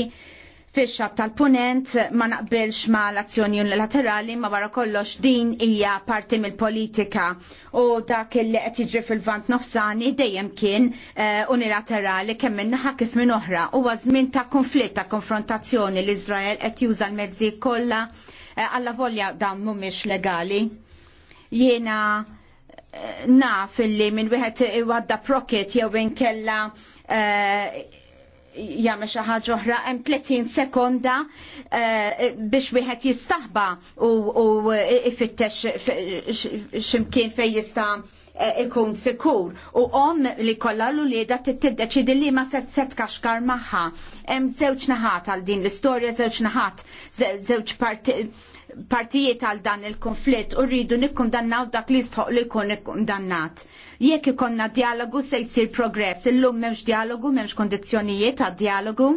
fix-xatt tal-punent ma naqbilx ma l-azzjoni unilaterali ma wara kollox din hija parti mill-politika u dak li qed jiġri fil-vant nofsani dejjem kien uh, unilaterali kemm minn naħa kif minn oħra huwa żmien ta' konflitt ta' konfrontazzjoni l-Iżrael qed juża l-mezzi kollha Eh, alla volja dan mhumiex legali. Jiena eh, naf illi minn wieħed iwadda proket jew inkella eh, jagħmel xi ħaġa oħra hemm 30 sekonda biex wieħed jistaħba u ifittex x'imkien fejn jista' Eh, ikun sikur u om li kollha l-ulieda tiddeċidi li ma set set kaxkar magħha. Hemm żewġ naħat għal din l-istorja, żewġ naħat, żewġ partijiet għal dan il-konflitt u rridu nikkundannaw dak li jistħoq li jkun ikkundannat. Jekk ikonna dialogu se jsir progress, illum m'hemmx dialogu, m'hemmx kondizzjonijiet għad dialogu.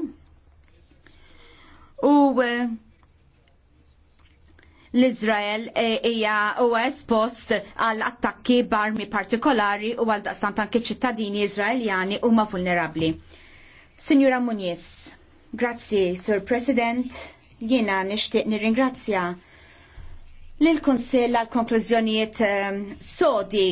U eh, l-Izrael e, hija huwa espost għal attakki barmi partikolari u għal daqstant anke ċittadini Izraeljani huma vulnerabbli. Sinjura Muniz, grazzi, Sur President, jiena nixtieq nirringrazzja lill kunsill għal konklużjonijiet ehm, sodi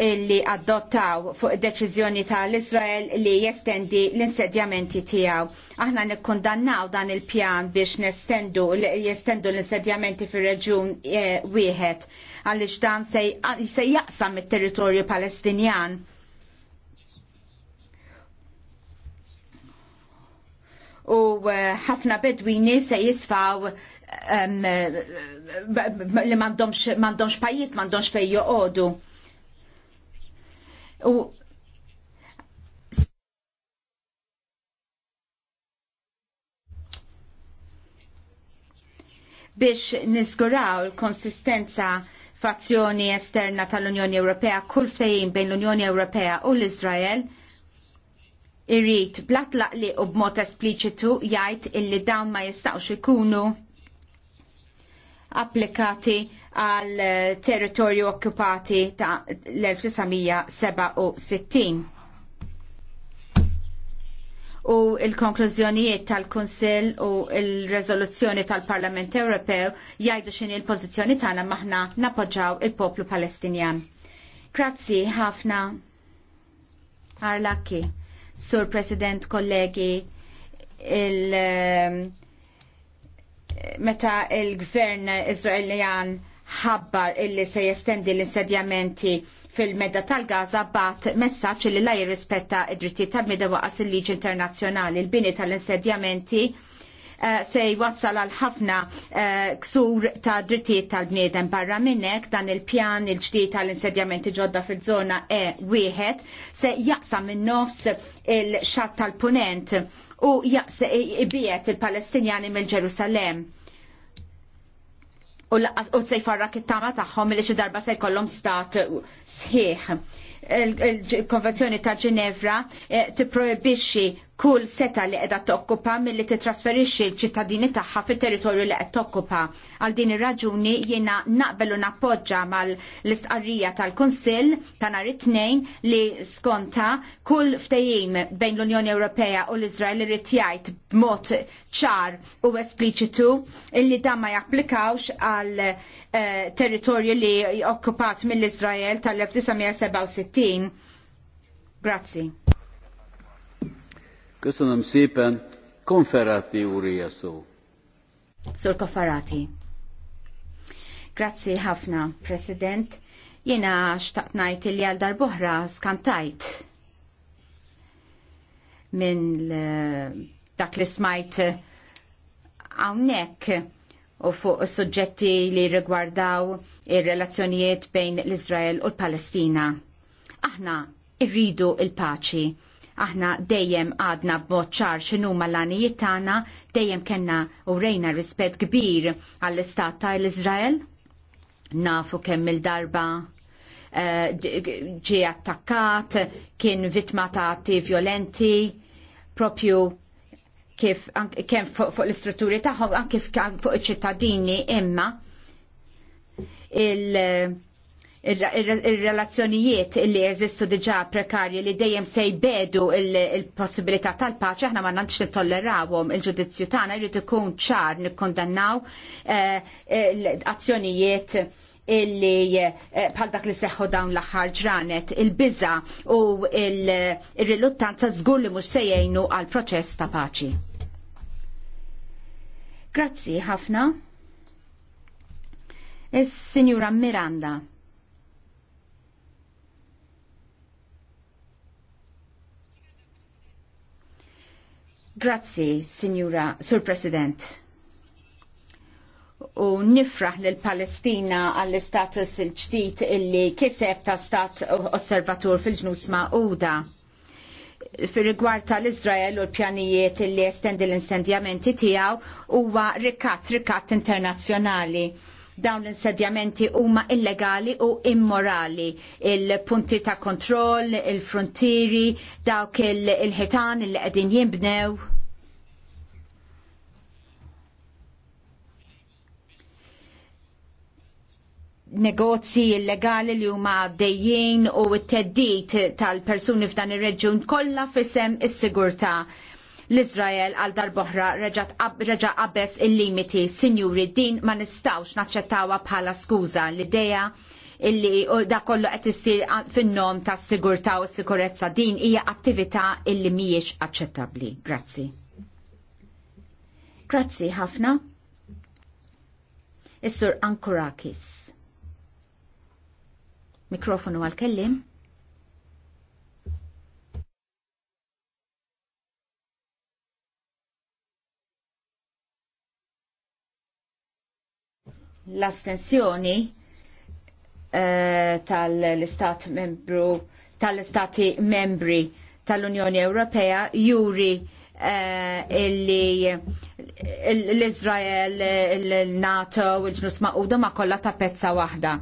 li adottaw fuq deċiżjoni tal israel li jestendi l-insedjamenti tiegħu. Aħna nikkundannaw dan il-pjan biex nestendu jestendu l-insedjamenti fir reġjun eh, wieħed għaliex dan se jaqsam it-territorju Palestinjan. U eh, ħafna bedwini se jisfaw eh, li m'għandhomx pajjiż m'għandhomx fejn joqogħdu U biex niżguraw l-konsistenza fazzjoni esterna tal-Unjoni Ewropea kull ftehim bejn l-Unjoni Ewropea u l-Izrael irrit blatlaq li u b'mod espliċitu jgħid illi dawn ma jistgħux ikunu applikati għal territorju okkupati ta' l-1967. U il-konklużjonijiet tal-Kunsill u il-rezoluzzjoni tal-Parlament Ewropew jgħidu x'inhi l-pożizzjoni tagħna maħna napoġġaw il-poplu Palestinjan. Grazzi ħafna. Arlaki, Sur President, kollegi, il- meta il-gvern Izraeljan ħabbar illi se jestendi l-insedjamenti fil-medda tal-Gaza bat messaċ li la jirrispetta id-drittijiet tal-mida waqas il-liġi internazzjonali. Il-bini tal-insedjamenti eh, se jwassal għal ħafna eh, ksur ta' drittijiet tal-bniedem barra minnek dan il-pjan il-ġdijt tal-insedjamenti ġodda fil-zona E1 se jaqsam minn nofs il-xat tal-punent u jaqsa ibiet il-Palestinjani mill-Ġerusalem u laqqas u se jfarrak it-tama tagħhom li xe darba se jkollhom stat sħiħ il-Konvenzjoni ta' Ġinevra eh, tipprojbixxi kull seta li qiegħda tokkupa milli titrasferixxi l-ċittadini tagħha fit-territorju li qed tokkupa. Għal din ir-raġuni jiena naqbel u nappoġġa mal-istqarrija tal-Kunsill ta' nhar it-tnejn li skonta kull ftehim bejn l-Unjoni Ewropea u l-Iżrael irid jgħid b'mod ċar u espliċitu illi dan ma japplikawx għal eh, territorju li okkupat mill iżrael tal-1967. Grazzi. Köszönöm szépen. Konferati úri szó. Sur Kofarati. Grazzi ħafna, President. Jena xtaqt il li għal darbohra skantajt minn dak li smajt għawnek u fuq suġġetti li rigwardaw ir-relazzjonijiet bejn l-Izrael u l-Palestina. Aħna irridu il-paċi. il paċi Aħna dejjem għadna b'mod ċar x'inhuma l-għanijiet tagħna, dejjem kellna u rejna rispett kbir għall-istat ta' l-Iżrael. Nafu kemm il-darba eh, ġie attakkat, kien vitma ta' atti violenti, propju kif kemm fuq l-istrutturi tagħhom anke fuq iċ-ċittadini imma il- il-relazzjonijiet il il li jeżistu diġa prekarji li dejjem se jbedu il-possibilità il tal-paċi aħna ma nantx nittollerawhom il-ġudizzju tagħna jrid ikun ċar nikkondannaw eh, l-azzjonijiet illi eh, bħal dak li seħħu dawn l-aħħar ġranet il-biża u il-riluttanza żgur li mhux se jgħinu għal proċess ta' paċi. Grazzi ħafna. Is-Sinjura Miranda. Grazzi, Signora Sur President. U nifraħ lil palestina għall istatus il-ġdid illi kiseb ta' stat osservatur fil-ġnus Uda. Fir rigward tal-Izrael u l-pjanijiet illi estendi l-insedjamenti tiegħu huwa rikat rikat internazzjonali dawn l-insedjamenti huma illegali u immorali. Il-punti ta' kontroll, il-frontieri, dawk il-ħitan il-li qegħdin jinbnew negozji illegali li huma dejjin u t-teddit tal-persuni f'dan ir-reġjun kollha f'isem is-sigurtà. L-Izrael għal darboħra reġa qabbes il-limiti, sinjuri din ma nistawx naċċettawa bħala skuża l-idea illi da kollu qed issir fin-nom tas-sigurtà u s-sikurezza din hija attività illi mhijiex aċċettabbli. Grazzi. Grazzi ħafna. Is-Sur Ankurakis. Mikrofonu għal-kellim. L-astensjoni uh, tal-istat membru tal-istati membri tal-Unjoni Ewropea juri eh, illi l-Izrael, il-NATO, il-ġnus maquda ma kollha ta' pezza waħda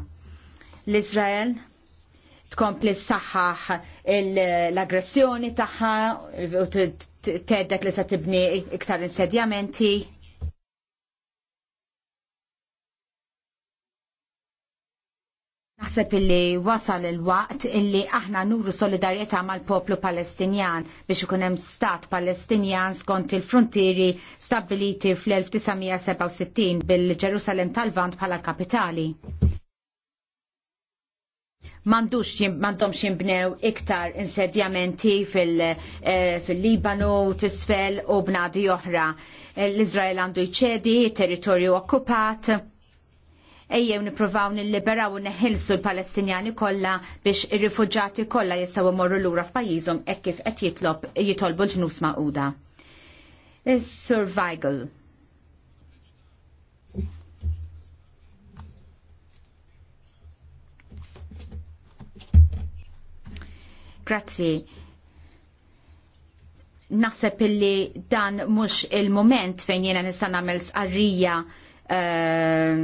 l-Izrael tkompli s-saxħaħ l-aggressjoni taħħa u teddek li sa tibni iktar insedjamenti. Naħseb illi wasal il-waqt illi aħna nuru solidarieta mal-poplu palestinjan biex ikun hemm stat palestinjan skont il-frontieri stabiliti fl-1967 bil-Ġerusalem tal-Vant bħala kapitali mandux mandom jimbnew iktar insedjamenti eh, fil-Libanu, fil tisfel u bnadi oħra. Eh, L-Izrael għandu jċedi, territorju okkupat, ejjew niprovaw nilliberaw u neħilsu l-Palestinjani kollha biex ir kolla kollha jistgħu l lura f'pajjiżhom hekk kif qed jitlob jitolbu l-ġnus maquda. Eh, survival Grazzi. Naħseb illi dan mhux il-moment fejn jiena nista' nagħmel sqarrija ehm,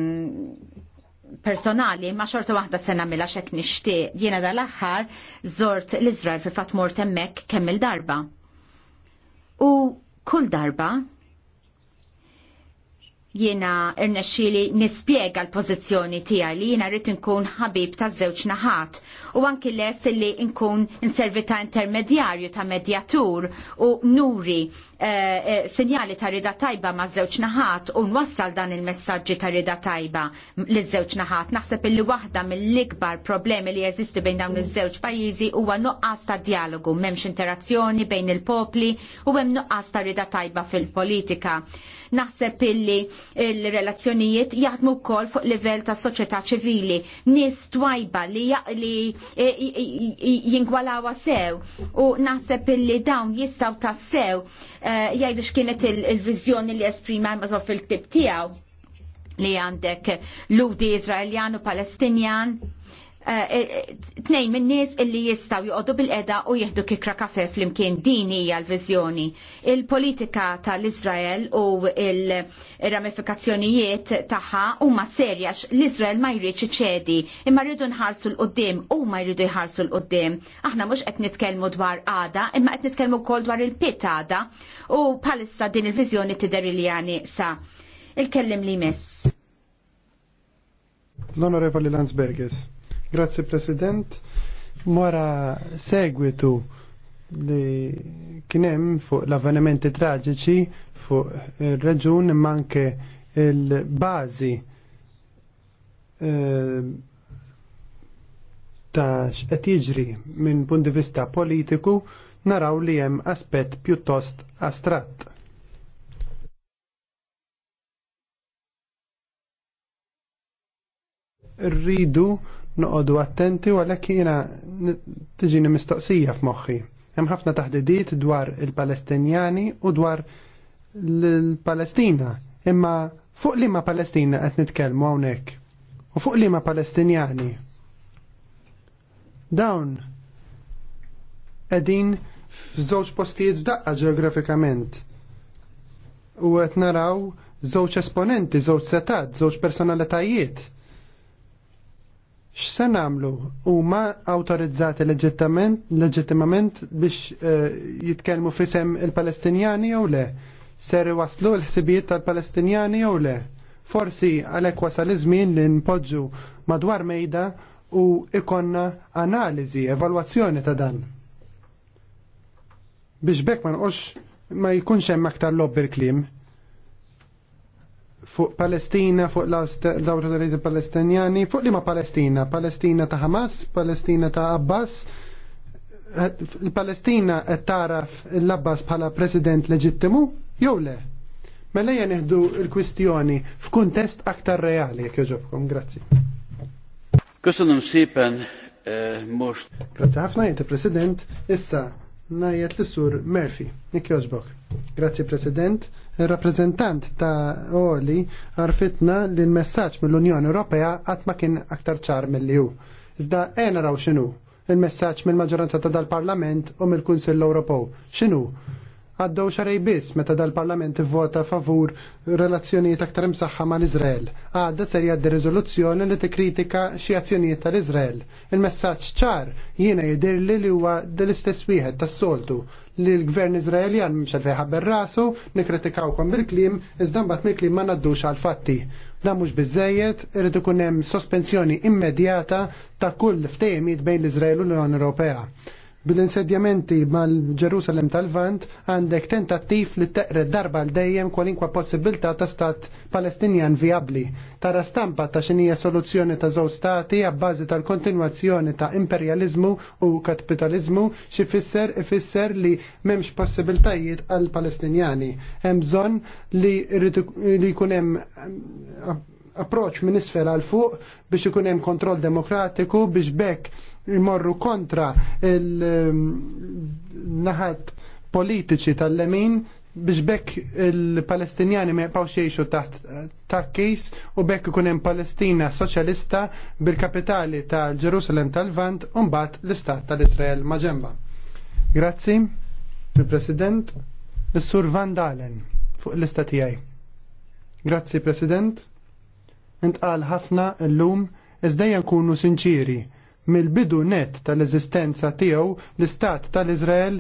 personali, ma xorta waħda sena mela xek nixtieq. jiena dal-axħar zort l-Izrael fat mort hemmhekk kemm il-darba. U kull darba Jiena irnexxili nispjega l-pożizzjoni tiegħi li jiena rrid inkun ħabib taż-żewġ naħat u anki les li nkun inservita ta' intermedjarju ta' medjatur u nuri eh, eh, sinjali ta' rida tajba ma' żewġ naħat u nwassal dan il-messaġġi ta' rida tajba li żewġ naħat. Naħseb illi waħda mill-ikbar problemi li jeżisti bejn dawn iż-żewġ pajjiżi huwa nuqqas ta' dialogu, m'hemmx interazzjoni bejn il-popli u hemm nuqqas ta' rida tajba fil-politika. Naħseb illi il-relazzjonijiet jaħdmu wkoll fuq livell ta' soċjetà ċivili. Nis twajba li, e, jingwalawa sew u naħseb illi dawn jistaw ta' sew e, jgħidu x'kienet il-viżjoni li esprima mażof fil-tib tiegħu li għandek ludi Izraeljan u Palestinjan Eh, eh, tnejn minn nies illi jistaw joqogħdu bil-qeda u jieħdu kikra kafe flimkien din hija l-viżjoni. Il-politika tal-Iżrael u il-ramifikazzjonijiet tagħha huma serjax l-Iżrael ma jridx iċedi imma rridu nħarsu l-qudiem u ma jridu jħarsu l-qudiem. Aħna mhux qed nitkellmu dwar għada imma qed nitkellmu wkoll dwar il-pit għada u bħalissa din il-viżjoni tidher li sa. Il-kellim li miss. L-Onorevoli Landsbergis. Grazie President. Mora segwitu li kienem fuq l-avvenimenti traġiċi fuq il-reġun ma anke il-bazi eh, ta' xqed jiġri minn punt di vista politiku naraw li hemm aspett pjuttost astratt. Rridu noqogħdu attenti u għalhekk jiena tiġini mistoqsija f'moħħi. Hemm ħafna taħdidiet dwar il-Palestinjani u dwar l-Palestina, imma fuq liema Palestina qed nitkellmu hawnhekk u fuq liema Palestinjani. Dawn qegħdin f'żewġ postijiet f'daqqa ġeografikament. U qed naraw żewġ esponenti, żewġ setat, żewġ personalitajiet x'se nagħmlu huma awtorizzati leġittimament biex eh, jitkellmu fisem il-Palestinjani jew le? Ser waslu l-ħsibijiet tal-Palestinjani jew le? Forsi għalhekk wasal iż-żmien li npoġġu madwar mejda u ikonna analiżi, evalwazzjoni ta' dan. Biex bekk ma nqux ma jkunx hemm aktar lobby l-klim fuq Palestina, fuq l-autoritajiet palestinjani, fuq li ma Palestina, Palestina ta' Hamas, Palestina ta' Abbas. Il-Palestina eh, qed taraf l-Abbas bħala president leġittimu jew le? Mela hija neħdu l-kwistjoni f'kuntest aktar reali jekk joġobkom, grazzi. Kusunum sipen eh, mhux. Grazzi ħafna jgħid President, issa najjat l-sur Murphy. Nik joġbok. Grazzi President. Il-rappresentant ta' Oli għarfitna li l-messagġ mill-Unjoni Ewropea għat ma kien aktar ċar mill-li hu. Iżda ena raw xinu il-messagġ mill-maġġoranza ta' dal-Parlament u mill-Kunsill Ewropew. Xinu? għaddew xarej biss meta dal-Parlament vota favur relazzjonijiet aktar imsaħħa mal iżrael Għadda ser jgħaddi riżoluzzjoni li tikkritika xi azzjonijiet tal-Iżrael. Il-messaġġ ċar jiena jidhirli li huwa dell-istess wieħed tas-soltu li l-gvern Iżraeljan mhux għalfejn ħabber rasu, kon bil-kliem, iżda mbagħad mill-kliem ma ngħaddux għal-fatti. Dan mhux biżejjed, irid ikun hemm sospensjoni immedjata ta' kull ftejmit bejn l-Iżrael u l-Unjoni Ewropea bil-insedjamenti mal-Ġerusalem tal-Vant għandek tentattiv li teqre darba l dejjem kwalinkwa possibilità ta' stat palestinjan viabli. Tara stampa ta' xinija soluzzjoni ta' żewġ stati għabbażi tal-kontinwazzjoni ta' imperializmu u kapitalizmu xi fisser ifisser li m'hemmx possibiltajiet għal palestinjani. Hemm bżonn li, li jkun hemm eh, approċċ minn isfel għal fuq biex ikun hemm kontroll demokratiku biex bekk imorru kontra il-naħat politiċi tal-lemin biex bekk il-Palestinjani ma jibqawx jgħixu taħt takkis u bekk ikun hemm Palestina soċjalista bil-kapitali ta' Ġerusalem tal-Vant u mbagħad l-Istat tal-Israel ma'ġemba. Grazzi, il-President, il sur Van Dalen fuq l istatijaj tiegħi. Grazzi, President. Intqal ħafna llum iżda kunu sinċiri mill-bidu net tal-eżistenza tiegħu l-istat tal-Iżrael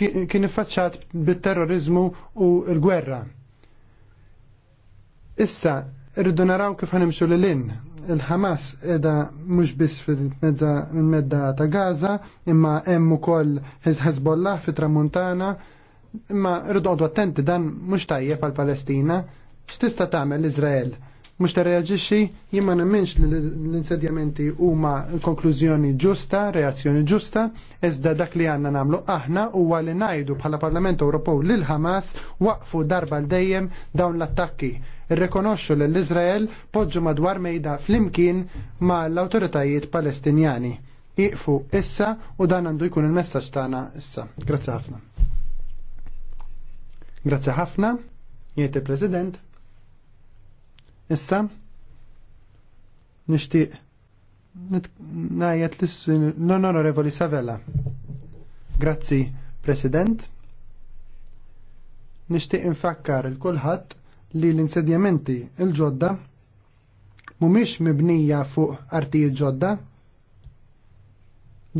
kien iffaċċat bit-terrorizmu u l-gwerra. Issa rridu naraw kif ħanimxu l in il-Hamas edha mhux biss fil-medda ta' Gaza, imma hemm ukoll Hezbollah fit-Tramuntana, imma rridu attenti dan mhux tajjeb għal-Palestina, x'tista' tagħmel l-Iżrael? mux ta' reagġiċi jimma nemmenx li l-insedjamenti huma konklużjoni ġusta, reazzjoni ġusta, iżda dak li għanna namlu aħna u li najdu bħala Parlament Ewropew lil Hamas waqfu darba l-dejjem dawn l-attakki. li l izrael poġġu madwar mejda flimkien ma l-autoritajiet palestinjani. Iqfu issa u dan għandu jkun il-messaġġ tagħna issa. Grazzi ħafna. Grazzi ħafna, jiet il-President. Issa, nishtiq najjet l-onorevoli Savella. Grazzi, President. Nishtiq infakkar il-kulħadd li l-insedjamenti il-ġodda mumiex mibnija fuq artijiet ġodda.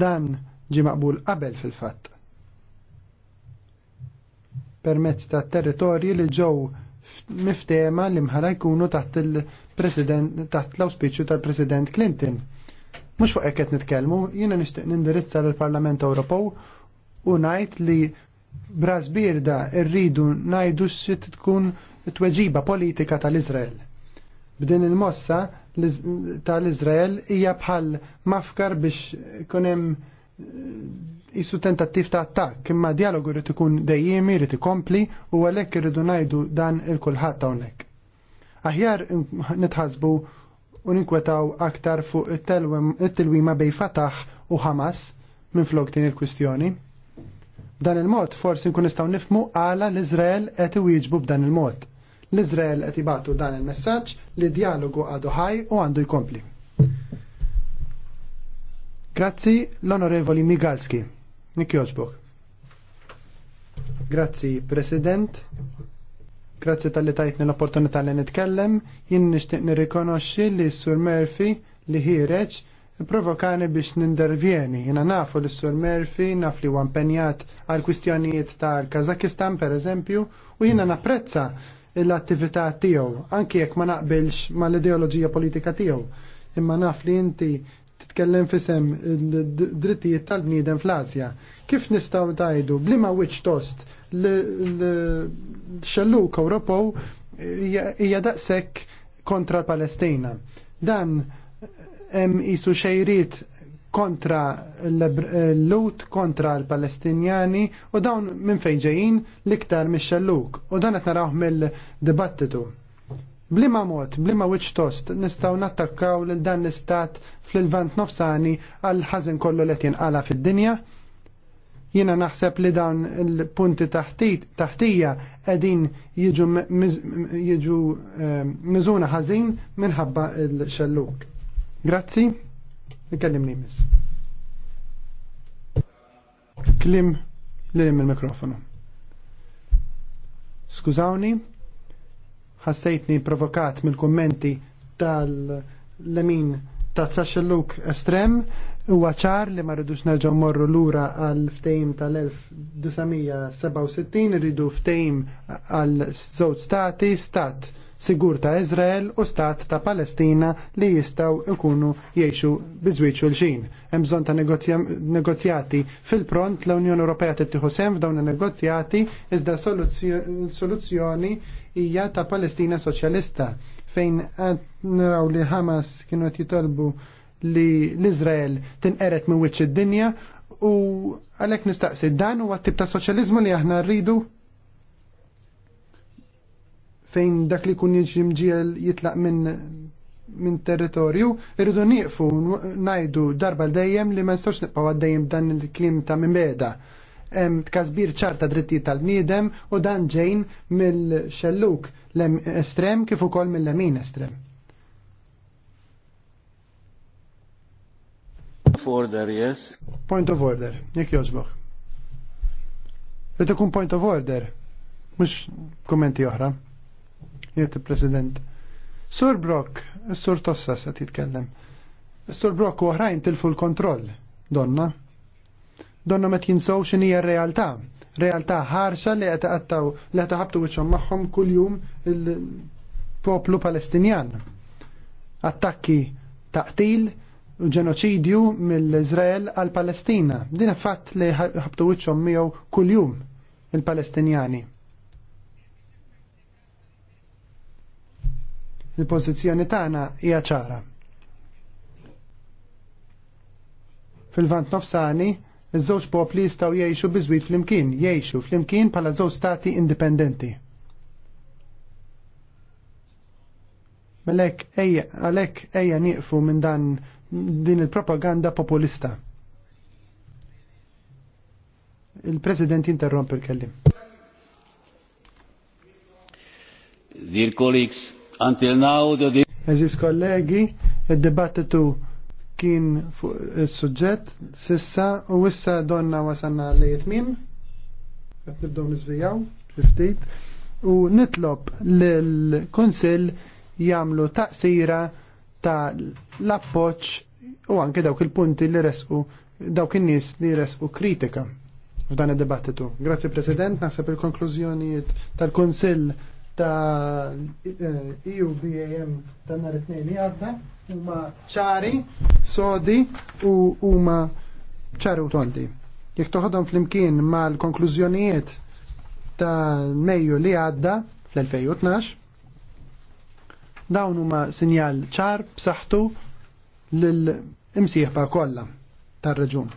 Dan ġi maqbul qabel fil-fatt. Permezz ta' territorji li ġew miftema li mħara jkunu taħt il-president, taħt l-auspiċu tal-president Clinton. Mux fuq ekket nitkelmu, jina nishtiq nindirizza l-Parlament Ewropew u najt li brazbirda irridu najdu xit tkun tweġiba politika tal-Izrael. B'din il-mossa tal-Izrael hija bħal mafkar biex kunem hemm jisu tentattiv ta' attakk, imma dialogu rrit ikun dejjemi, rrit ikompli u għalhekk irridu ngħidu dan il-kulħadd hawnhekk. Aħjar nitħasbu u ninkwetaw aktar fuq it-tilwima bej Fatah u Hamas minn flok din il-kwistjoni. Dan il-mod forsi nkun nistgħu nifmu għala l izrael qed iwieġbu b'dan il-mod. l izrael qed ibatu dan il-messaġġ li dialogu għadu ħaj u għandu jkompli. Grazzi l-Onorevoli Migalski. Nikjoġbok. Grazzi, President. Grazzi tal-li tajtni l-opportunità li nitkellem. Jien nixtieq nirrikonoxxi li Sur Murphy li ħireġ provokani biex nindervjeni. Jina nafu li Sur Murphy naf li huwa impenjat għal kwistjonijiet tal-Kazakistan pereżempju u jiena napprezza l-attività tiegħu anke jekk ma naqbilx mal-ideoloġija politika tiegħu. Imma naf li inti titkellem fisem drittijiet tal-bniedem fl-Asja. Kif nistaw tajdu blima wiċ tost l-xelluk Ewropew hija daqshekk kontra Palestina. Dan hemm isu xejriet kontra l-lut, kontra l-Palestinjani u dawn minn fejn ġejjin l-iktar mix-xelluk. U dan qed narawh mill-dibattitu Blima mod, blima wiċ tost, nistaw nattakkaw lil dan l-istat fl-vant nofsani għal ħazin kollu li jinqala fil dinja Jiena naħseb li dawn il-punti taħtija qegħdin jiġu jiġu ehm, miżuna ħażin minħabba il xelluk Grazzi, nikellimni miss. Klim li mill-mikrofonu. Skużawni, ħassejtni provokat mill-kummenti tal-lemin ta' traxelluk estrem u ċar li ma rridux nerġaw morru lura għal ftejm tal-1967 rridu ftejm għal żewġ stati, stat sigur ta' Izrael u stat ta' Palestina li jistaw ikunu jiexu bizwiċ l Hemm bżonn ta' negozjati fil-pront l-Unjoni Ewropea tittiħu sem f'dawn in-negozjati iżda soluzzjoni hija ta' Palestina Soċjalista fejn qed naraw li Hamas kienu qed jitolbu li l-Izrael tinqeret minn wiċċ id-dinja u għalhekk nistaqsi dan huwa tip ta' soċjaliżmu li aħna rridu fejn dak li kun mġiel jitlaq minn min territorju, irridu nieqfu najdu darba l-dejjem li ma nistax għad għaddejjem dan il-klim ta' minn beda hemm tkasbir ċarta drittijiet tal-bniedem u dan ġejn mill-xelluk estrem kif ukoll mill-lemin estrem. Order, yes. Point of order, jekk joġboħ. Rritu ikun point of order, mhux kummenti oħra. Jiet il-President. Sur Brock, Sur Tossa se titkellem. Sur Brock u oħrajn tilfu l-kontroll, donna donna ma tinsow in hija realtà Realtà ħarxa li qed li qed ħabtu wiċċhom magħhom kuljum il-poplu Palestinjan. Attakki taqtil u ġenoċidju mill-Izrael għal Palestina. Din fatt li ħabtu wiċċhom miegħu kuljum il-Palestinjani. Il-pożizzjoni tagħna hija ċara. Fil-vant nofsani, Iż-żewġ popli jistgħu jgħixu biżwit flimkien, jgħixu flimkien bħala żewġ stati indipendenti. Malek ejja għalhekk ejja nieqfu minn dan din il-propaganda populista. Il-President interromp il-kellim. Dear colleagues, until now the... Eżis kollegi, il-dibattitu kien fuq il suġġett sissa u issa donna wasanna li jitmin għat nibdow nizvijaw ftit u nitlob l-Konsil jagħmlu taqsira ta' l-appoġġ u anke dawk il-punti li resqu dawk in-nies li resqu kritika f'dan id-dibattitu. Grazzi President, naħseb il-konklużjonijiet tal-Konsil ta' EU BAM ta' nar it-tnejn li għadda huma ċari, sodi u huma ċari u tonti. Jekk toħodhom flimkien mal-konklużjonijiet ta' Mejju li għadda fl-2012, dawn huma sinjal ċar b'saħħtu lill imsieħba kollha tar-reġun.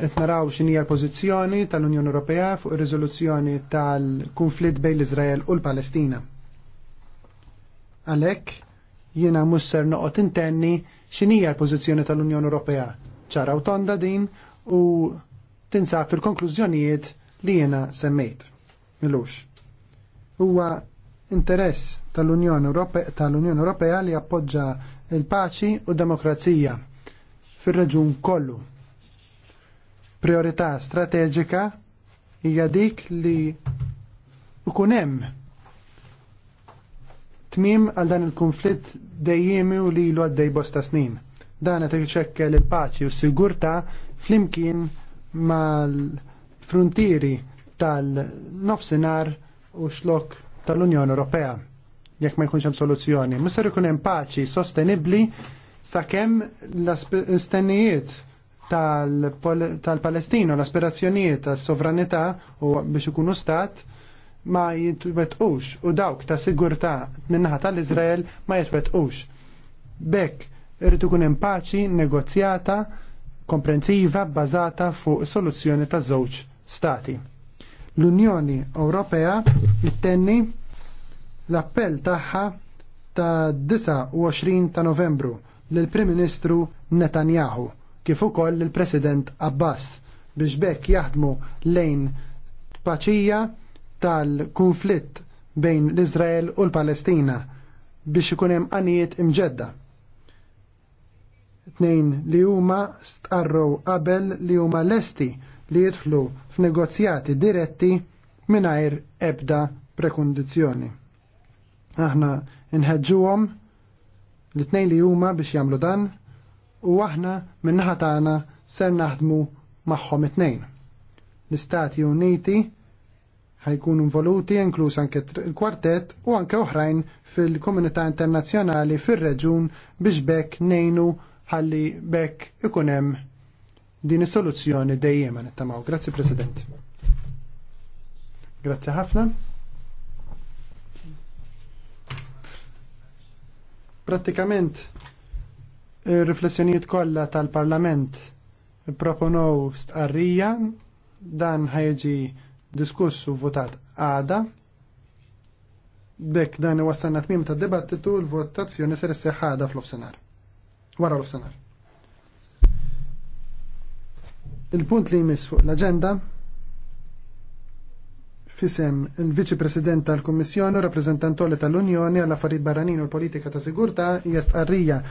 qed naraw x'inhija l-pożizzjoni tal-Unjoni Ewropea fuq ir-riżoluzzjoni tal-konflitt bejn l-Iżrael u l-Palestina. Għalhekk jiena mhux ser noqgħod intenni x'inija l-pożizzjoni tal-Unjoni Ewropea. Ċara u tonda din u tinsab fil-konklużjonijiet li jiena semmejt. Milux. Huwa interess tal-Unjoni Ewropea tal-Unjoni li appoġġa l paċi u d demokrazija fir-reġun kollu Priorità strateġika hija dik li ikun hemm tmim għal dan il-konflitt dejjemi u li lu għaddej bosta snin. Dan qed iċekkel il paċi u s-sigurtà flimkien mal-frontieri tal-nofsinhar u xlok tal-Unjoni Ewropea jekk ma jkunx hemm soluzzjoni. Musser ikun hemm paċi sostenibbli sakemm l-istennijiet tal palestino l-aspirazzjonijiet tas-sovranità u biex ikunu stat ma jitwetqux u dawk ta' sigurtà minnaħa tal-Izrael ma jitwetqux. Bek, irrid ikun hemm paċi negozjata komprensiva bbażata fuq soluzzjoni ta' żewġ stati. L-Unjoni Ewropea jittenni l-appell tagħha ta' 29 ta' Novembru lill prim Ministru Netanyahu kif ukoll il-President Abbas biex bekk jaħdmu lejn paċija tal-konflitt bejn l-Izrael u l-Palestina biex ikun hemm għanijiet imġedda. Tnejn li huma starru qabel li huma lesti li jidħlu f'negozjati diretti mingħajr ebda prekundizzjoni. Aħna nħeġġuhom l tnejn li huma biex jagħmlu dan u aħna minnaħa tagħna ser naħdmu magħhom it-tnejn. L-Istati Uniti ħajkun involuti inkluż anke l-kwartett u anke oħrajn fil-komunità internazzjonali fir-reġun biex bekk nejnu ħalli bekk ikun hemm din is-soluzzjoni dejjem nittamaw. Grazzi President. Grazzi ħafna. Pratikament riflessjonijiet kollha tal-Parlament proponow stqarrija dan ħajġi diskussu votat għada. Bekk dan wassalna tmim ta' dibattitu l-votazzjoni ser isseħħ għada fl-ofsenar. Wara l-ofsenar. Il-punt li jmiss fuq l-agenda fisem il-Viċi President tal-Kommissjoni u rappresentantoli tal-Unjoni għall affarijiet barranin u l-Politika ta' Sigurta hija stqarrija